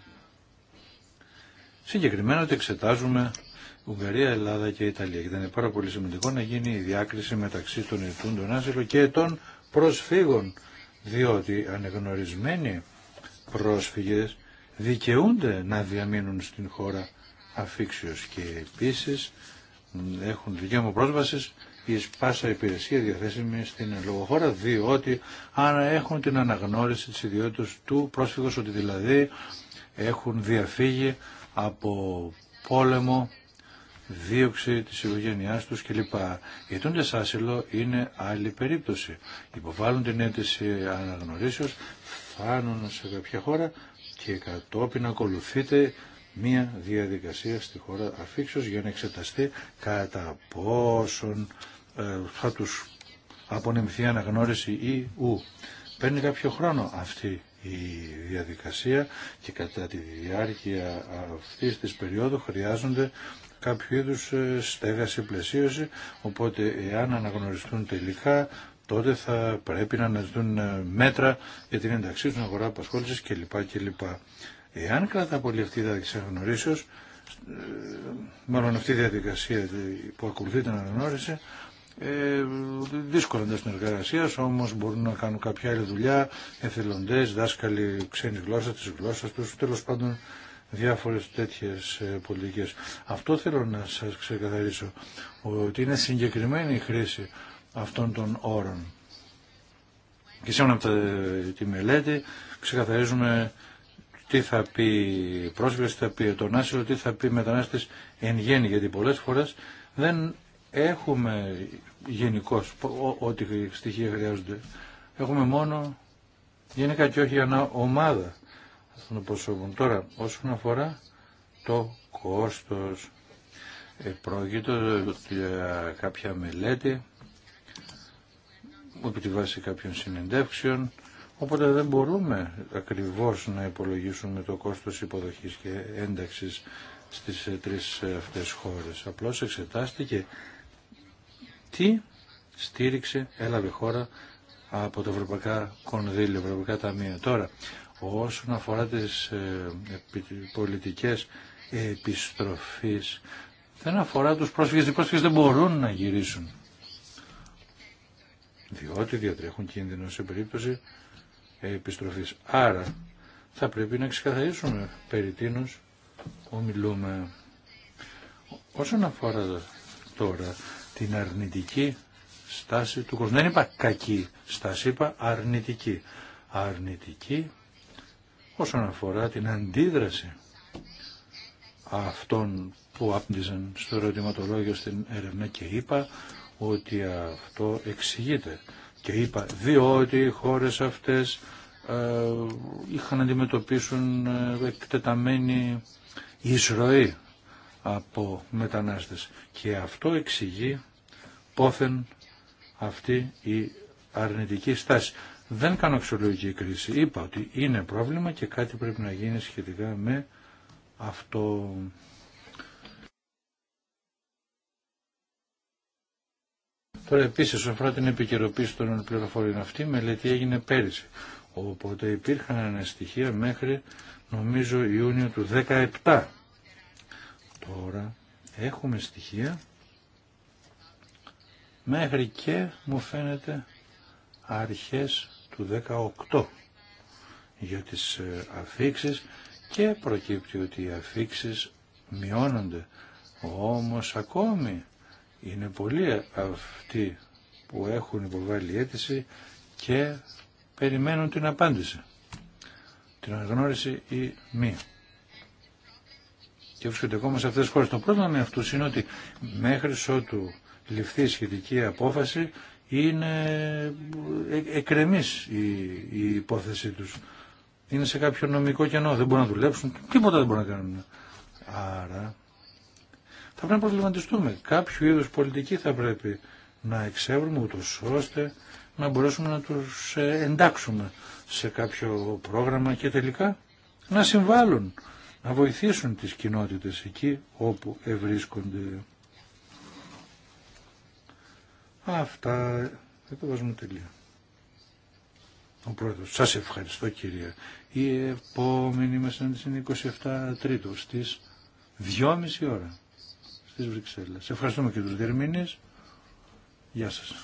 συγκεκριμένα ότι εξετάζουμε Ουγγαρία, Ελλάδα και Ιταλία. Και ήταν πάρα πολύ σημαντικό να γίνει η διάκριση μεταξύ των των άσυλων και των προσφύγων. Διότι ανεγνωρισμένοι πρόσφυγες δικαιούνται να διαμείνουν στην χώρα αφίξιος και επίσης έχουν δικαίωμα πρόσβασης η πάσα υπηρεσία διαθέσιμη στην λογοχώρα, διότι αν έχουν την αναγνώριση τη ιδιότητας του πρόσφυγος, ότι δηλαδή έχουν διαφύγει από πόλεμο, δίωξη τη οικογένειά του κλπ. αιτούντε άσυλο είναι άλλη περίπτωση. Υποβάλλουν την αίτηση αναγνωρίσεω, φάνουν σε κάποια χώρα και κατόπιν ακολουθείται μία διαδικασία στη χώρα αφήξεως για να εξεταστεί κατά πόσον ε, θα τους απονεμηθεί αναγνώριση ή ου. Παίρνει κάποιο χρόνο αυτή η διαδικασία και κατά τη διάρκεια αυτής της περίοδου χρειάζονται κάποιο είδους ε, στέγαση, πλαισίωση, οπότε εάν αναγνωριστούν τελικά τότε θα πρέπει να αναζητούν ε, μέτρα για την ένταξή του, αγορά απασχόληση κλπ. κλπ. Εάν κρατά πολύ αυτή η διαδικασία ε, μάλλον αυτή η διαδικασία που ακολουθεί την αναγνώριση, ε, δύσκολα εντό εργασία όμω μπορούν να κάνουν κάποια άλλη δουλειά, εθελοντέ, δάσκαλοι ξένη γλώσσα, τη γλώσσα του, τέλο πάντων διάφορες τέτοιες ε, πολιτικές. Αυτό θέλω να σας ξεκαθαρίσω, ότι είναι συγκεκριμένη η χρήση αυτών των όρων. Και σήμερα από ε, τη μελέτη ξεκαθαρίζουμε τι θα πει πρόσφυγες, τι θα πει τον άσυλο, τι θα πει μετανάστες εν γέννη, γιατί πολλές φορές δεν έχουμε γενικώ ό,τι στοιχεία χρειάζονται. Έχουμε μόνο γενικά και όχι ανά ομάδα των προσώπων. Τώρα, όσον αφορά το κόστος, ε, για κάποια μελέτη, επί τη βάση κάποιων συνεντεύξεων, οπότε δεν μπορούμε ακριβώς να υπολογίσουμε το κόστος υποδοχής και ένταξης στις ε, τρεις ε, αυτές χώρες. Απλώς εξετάστηκε τι στήριξε έλαβε χώρα από τα ευρωπαϊκά κονδύλια, ευρωπαϊκά ταμεία. Τώρα, όσον αφορά τις ε, πολιτικές επιστροφής δεν αφορά τους πρόσφυγες, οι πρόσφυγες δεν μπορούν να γυρίσουν διότι διατρέχουν κίνδυνο σε περίπτωση επιστροφής. Άρα θα πρέπει να ξεκαθαρίσουμε περί τίνος ομιλούμε. Όσον αφορά τώρα την αρνητική στάση του κόσμου, δεν είπα κακή στάση, είπα αρνητική. Αρνητική όσον αφορά την αντίδραση αυτών που άπνιζαν στο ερωτηματολόγιο στην έρευνα και είπα ότι αυτό εξηγείται. Και είπα διότι οι χώρες αυτές ε, είχαν να αντιμετωπίσουν ε, εκτεταμένη εισρωή από μετανάστες. Και αυτό εξηγεί πόθεν αυτή η αρνητική στάση. Δεν κάνω αξιολογική κρίση. Είπα ότι είναι πρόβλημα και κάτι πρέπει να γίνει σχετικά με αυτό. Τώρα επίση, όσον αφορά την επικαιροποίηση των πληροφοριών αυτή, η μελέτη έγινε πέρυσι. Οπότε υπήρχαν αναστοιχεία μέχρι νομίζω Ιούνιο του 2017. Τώρα έχουμε στοιχεία μέχρι και μου φαίνεται αρχές του 18 για τις ε, αφήξεις και προκύπτει ότι οι αφήξεις μειώνονται. Όμως ακόμη είναι πολλοί αυτοί που έχουν υποβάλει αίτηση και περιμένουν την απάντηση, την αναγνώριση ή μη. Και βρίσκονται ακόμα σε αυτές τις χώρες. Το πρόβλημα με αυτούς είναι ότι μέχρι ότου ληφθεί σχετική απόφαση είναι ε, εκρεμής η, υπόθεση τους. Είναι σε κάποιο νομικό κενό, δεν μπορούν να δουλέψουν, τίποτα δεν μπορούν να κάνουν. Άρα θα πρέπει να προβληματιστούμε. Κάποιο είδους πολιτική θα πρέπει να εξεύρουμε ούτω ώστε να μπορέσουμε να τους ε, εντάξουμε σε κάποιο πρόγραμμα και τελικά να συμβάλλουν, να βοηθήσουν τις κοινότητες εκεί όπου ευρίσκονται. Αυτά δεν το βάζουμε τελεία. Ο πρόεδρος, σας ευχαριστώ κυρία. Η επόμενη μας είναι 27 Τρίτου στις 2.30 ώρα στις Βρυξέλλες. Ευχαριστούμε και τους Δερμήνες. Γεια σας.